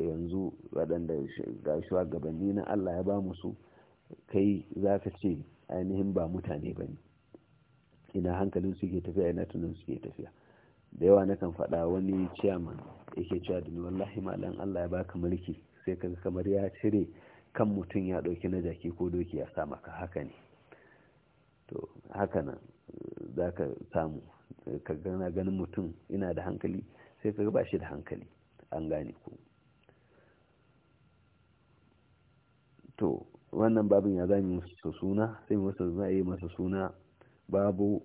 yanzu waɗanda ga shugabanni na Allah ya ba musu kai za ka ce ainihin ba mutane ba ne ina hankalin suke tafiya ina tunan suke tafiya da yawa na kan faɗa wani ciyaman yake cewa da wallahi malam Allah ya baka mulki sai kaga kamar ya cire kan mutum ya ɗauki na jaki ko doki ya sa maka haka ne to haka nan eh, za ka samu ka gana ganin mutum ina da hankali sai ka ba shi da hankali an gane ku to wannan babin ya zami masa suna sai masa za masa suna babu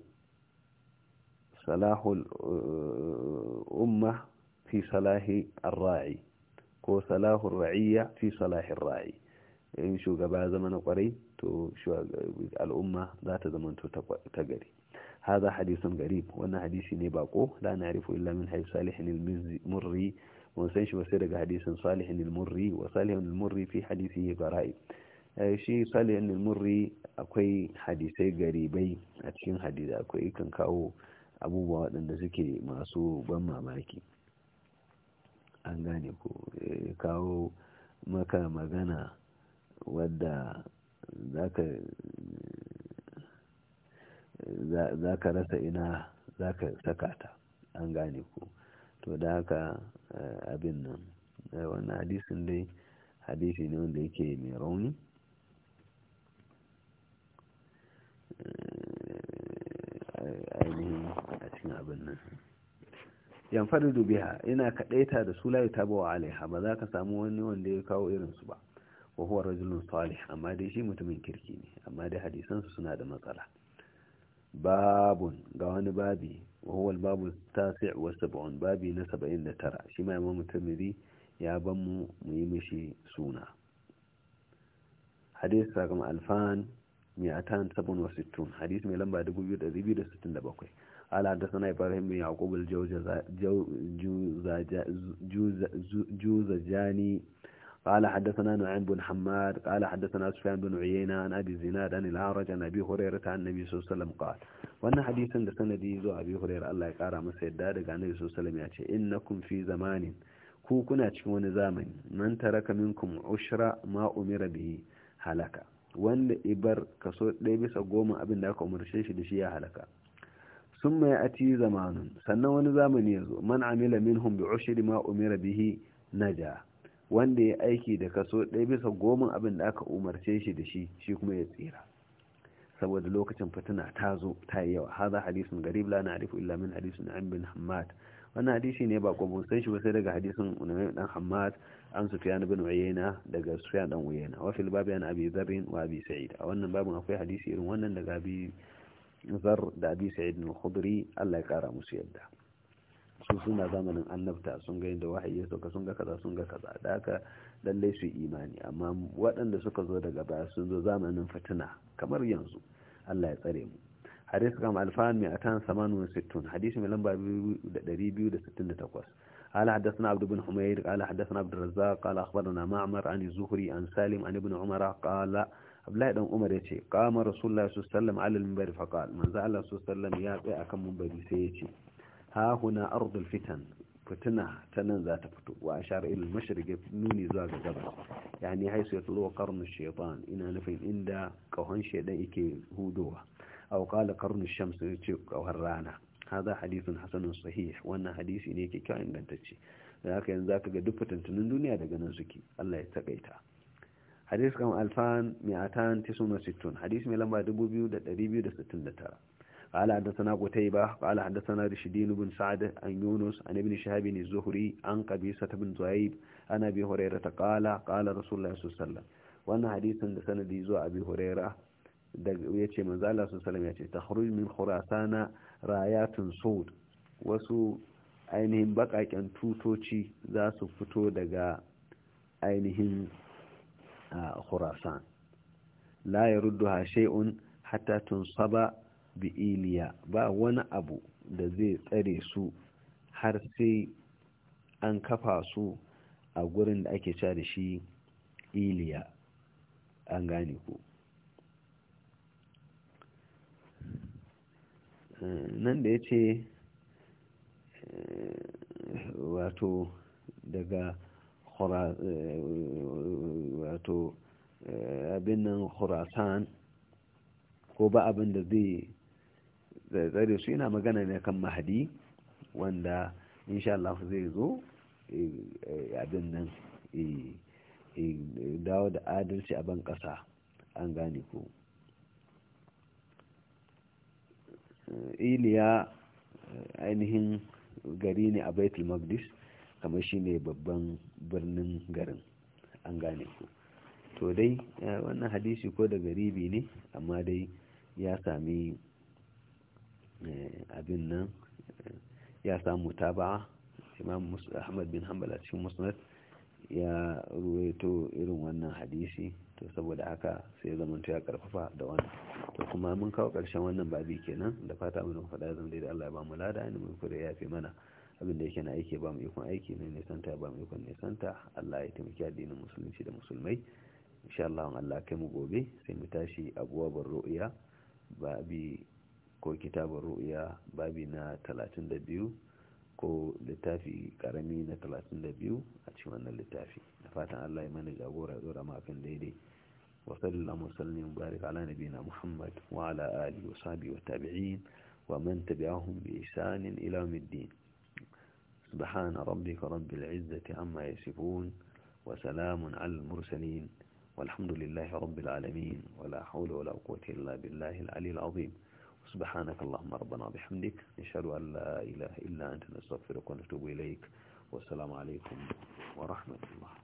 salahul uh, umma fi salahi arra'i ko salahul ra'iyya fi salahin ra'i in shugaba zama na kwarai to al'umma zata ta ta gari هذا حديث غريب وانا حديث ني باكو لا نعرف الا من حيث صالح المري ونسان شي بس daga hadisin صالح wa وصالح المري في حديثه غرائب shi صالح المري akwai hadisai garibai a cikin hadisi akwai kan kawo abubuwa waɗanda suke masu ban mamaki an gane ko eh, kawo maka magana wadda za ka rasa ina za ka saka ta an gane ko to da haka eh, abin nan eh, wannan hadisin dai hadisi ne wanda yake mai rauni ainihin a cikin abin nan yan faridu yana kadaita da sulayu la yatabawa alaiha ba za ka samu wani wanda ya kawo irin su ba wa huwa rajulun salih amma dai shi mutumin kirki ne amma dai hadisan su suna da matsala babun ga wani babi wa huwa babu tasi' wa sab'un babi na 79 shi ma imamu ya ban mu mu yi mishi suna hadis sakam alfan 267 hadisi mai lamba 2267 ala hadathana ibrahim bin yaqub al-jawzajani قال حدثنا نعيم بن حماد قال حدثنا سفيان بن عيينة عن أبي الزناد عن العرج عن أبي هريرة عن النبي صلى الله عليه وسلم قال وأن حديثا لسندي ذو أبي هريرة الله يقارى مسيدة قال النبي صلى الله عليه وسلم يأتي إنكم في زمان ku kuna cikin wani zamani man taraka minkum ushra ma umira bihi halaka wanda ibar kaso ɗaya bisa goma abin da aka umarce shi da shi ya halaka sun mai ati zamanin sannan wani zamani ya zo man amila hun bi ushiri ma umira bihi na ja wanda ya aiki da kaso ɗaya bisa goma abin da aka umarce shi da shi shi kuma ya tsira saboda lokacin fitina ta zo ta yi yawa haza hadisin garib la na arifu illa min hadisin an bin hamad wannan hadisi ne ba kuma san shi ba sai daga hadisin unamai dan hamad an sufyan bin uyayna daga sufyan dan uyayna wa fil babi an abi dharr wa abi sa'id a wannan babin akwai hadisi irin wannan daga abi zar da abi sa'id al-khudri Allah ya kara musu yadda su suna zamanin annabta sun gani da wahayi ya sauka sun ga kaza sun ga kaza da haka lallai su imani amma waɗanda suka zo daga baya sun zo zamanin fitina kamar yanzu Allah ya tsare mu hadis kam alfan mi atan samanu sittun hadis mai lamba da 268 قال حدثنا عبد بن حمير قال حدثنا عبد الرزاق قال أخبرنا معمر عن zuhri عن salim عن ابن عمر قال Abdullahi dan Umar ya ce, "Kama Rasulullah sallallahu alaihi wasallam alal minbar faqal." Manzo Allah sallallahu alaihi wasallam ya tsaya akan minbari sai ya ce, ha huna ardul fitan fituna ta nan za ta fito wa ashar ilil mashriqi nuni zuwa ga gaba yani haisu ya tulo qarnu shaytan ina nufin inda kahon shaydan yake hudowa aw qala qarnu shams yace kahon rana hada hadithun hasanun sahih wannan hadisi ne yake kyau ingantacce da haka yanzu zaka ga duk fitintunin duniya daga nan suke Allah ya takaita hadis kan alfan 269 hadis mai lamba 2269 قال حدثنا قتيبة قال حدثنا رشدين بن سعد عن يونس عن ابن شهاب الزهري عن قبيسة بن زعيب عن أبي هريرة قال قال رسول الله صلى الله عليه وسلم وأن حديثا لسنة ديزو أبي هريرة yace manzo Allah sallallahu alaihi yace takhruj min khurasana rayatun sud wasu ainihin bakaken tutoci za su fito daga ainihin khurasan la yarudduha shay'un hatta saba. bi'iliya ba wani abu da zai tsare su har sai an kafa su a gurin da ake cewa da shi iliya an gane ku nan da ya ce wato daga wato abin nan khurasan ko ba abin da zai da su yana magana ne kan mahadi wanda insha Allah zai zo eh, eh, abin nan eh, dawo da adalci a ban ƙasa an gane ko iliya ainihin gari ne a baitul magdis kamar shi ne babban birnin garin an gane ku to dai wannan hadisi ko da garibi ne amma dai ya sami Eh, abin nan eh, ya samu taba'a imam ahmad bin hanbal a cikin musnad ya ruwaito irin wannan hadisi to saboda haka sai zamanta ya karfafa da wannan to kuma mun kawo karshen wannan babi kenan da fata mu fada zan dai da Allah ya ba mu lada ne mun kure ya fi mana abin da yake na aiki ba mu ikon aiki ne ne santa ba mu ikon ne santa Allah ya taimaki addinin musulunci da musulmai insha Allah Allah kai mu gobe sai mu tashi abuwa ru'ya babi ko kitabar ru'ya babi na 32 ko littafi karami na 32 a cikin wannan littafi da fatan Allah ya mana jagora ya dora makan daidai wa sallallahu alaihi wa barik ala nabiyina Muhammad wa ala alihi wa sahbihi wa tabi'in wa man tabi'ahum bi ihsan ila yawmiddin سبحان ربك رب العزة عما يصفون وسلام على المرسلين والحمد لله رب العالمين ولا حول ولا قوة إلا بالله العلي العظيم سبحانك اللهم ربنا بحمدك نشهد أن لا إله إلا أنت نستغفرك ونتوب إليك والسلام عليكم ورحمة الله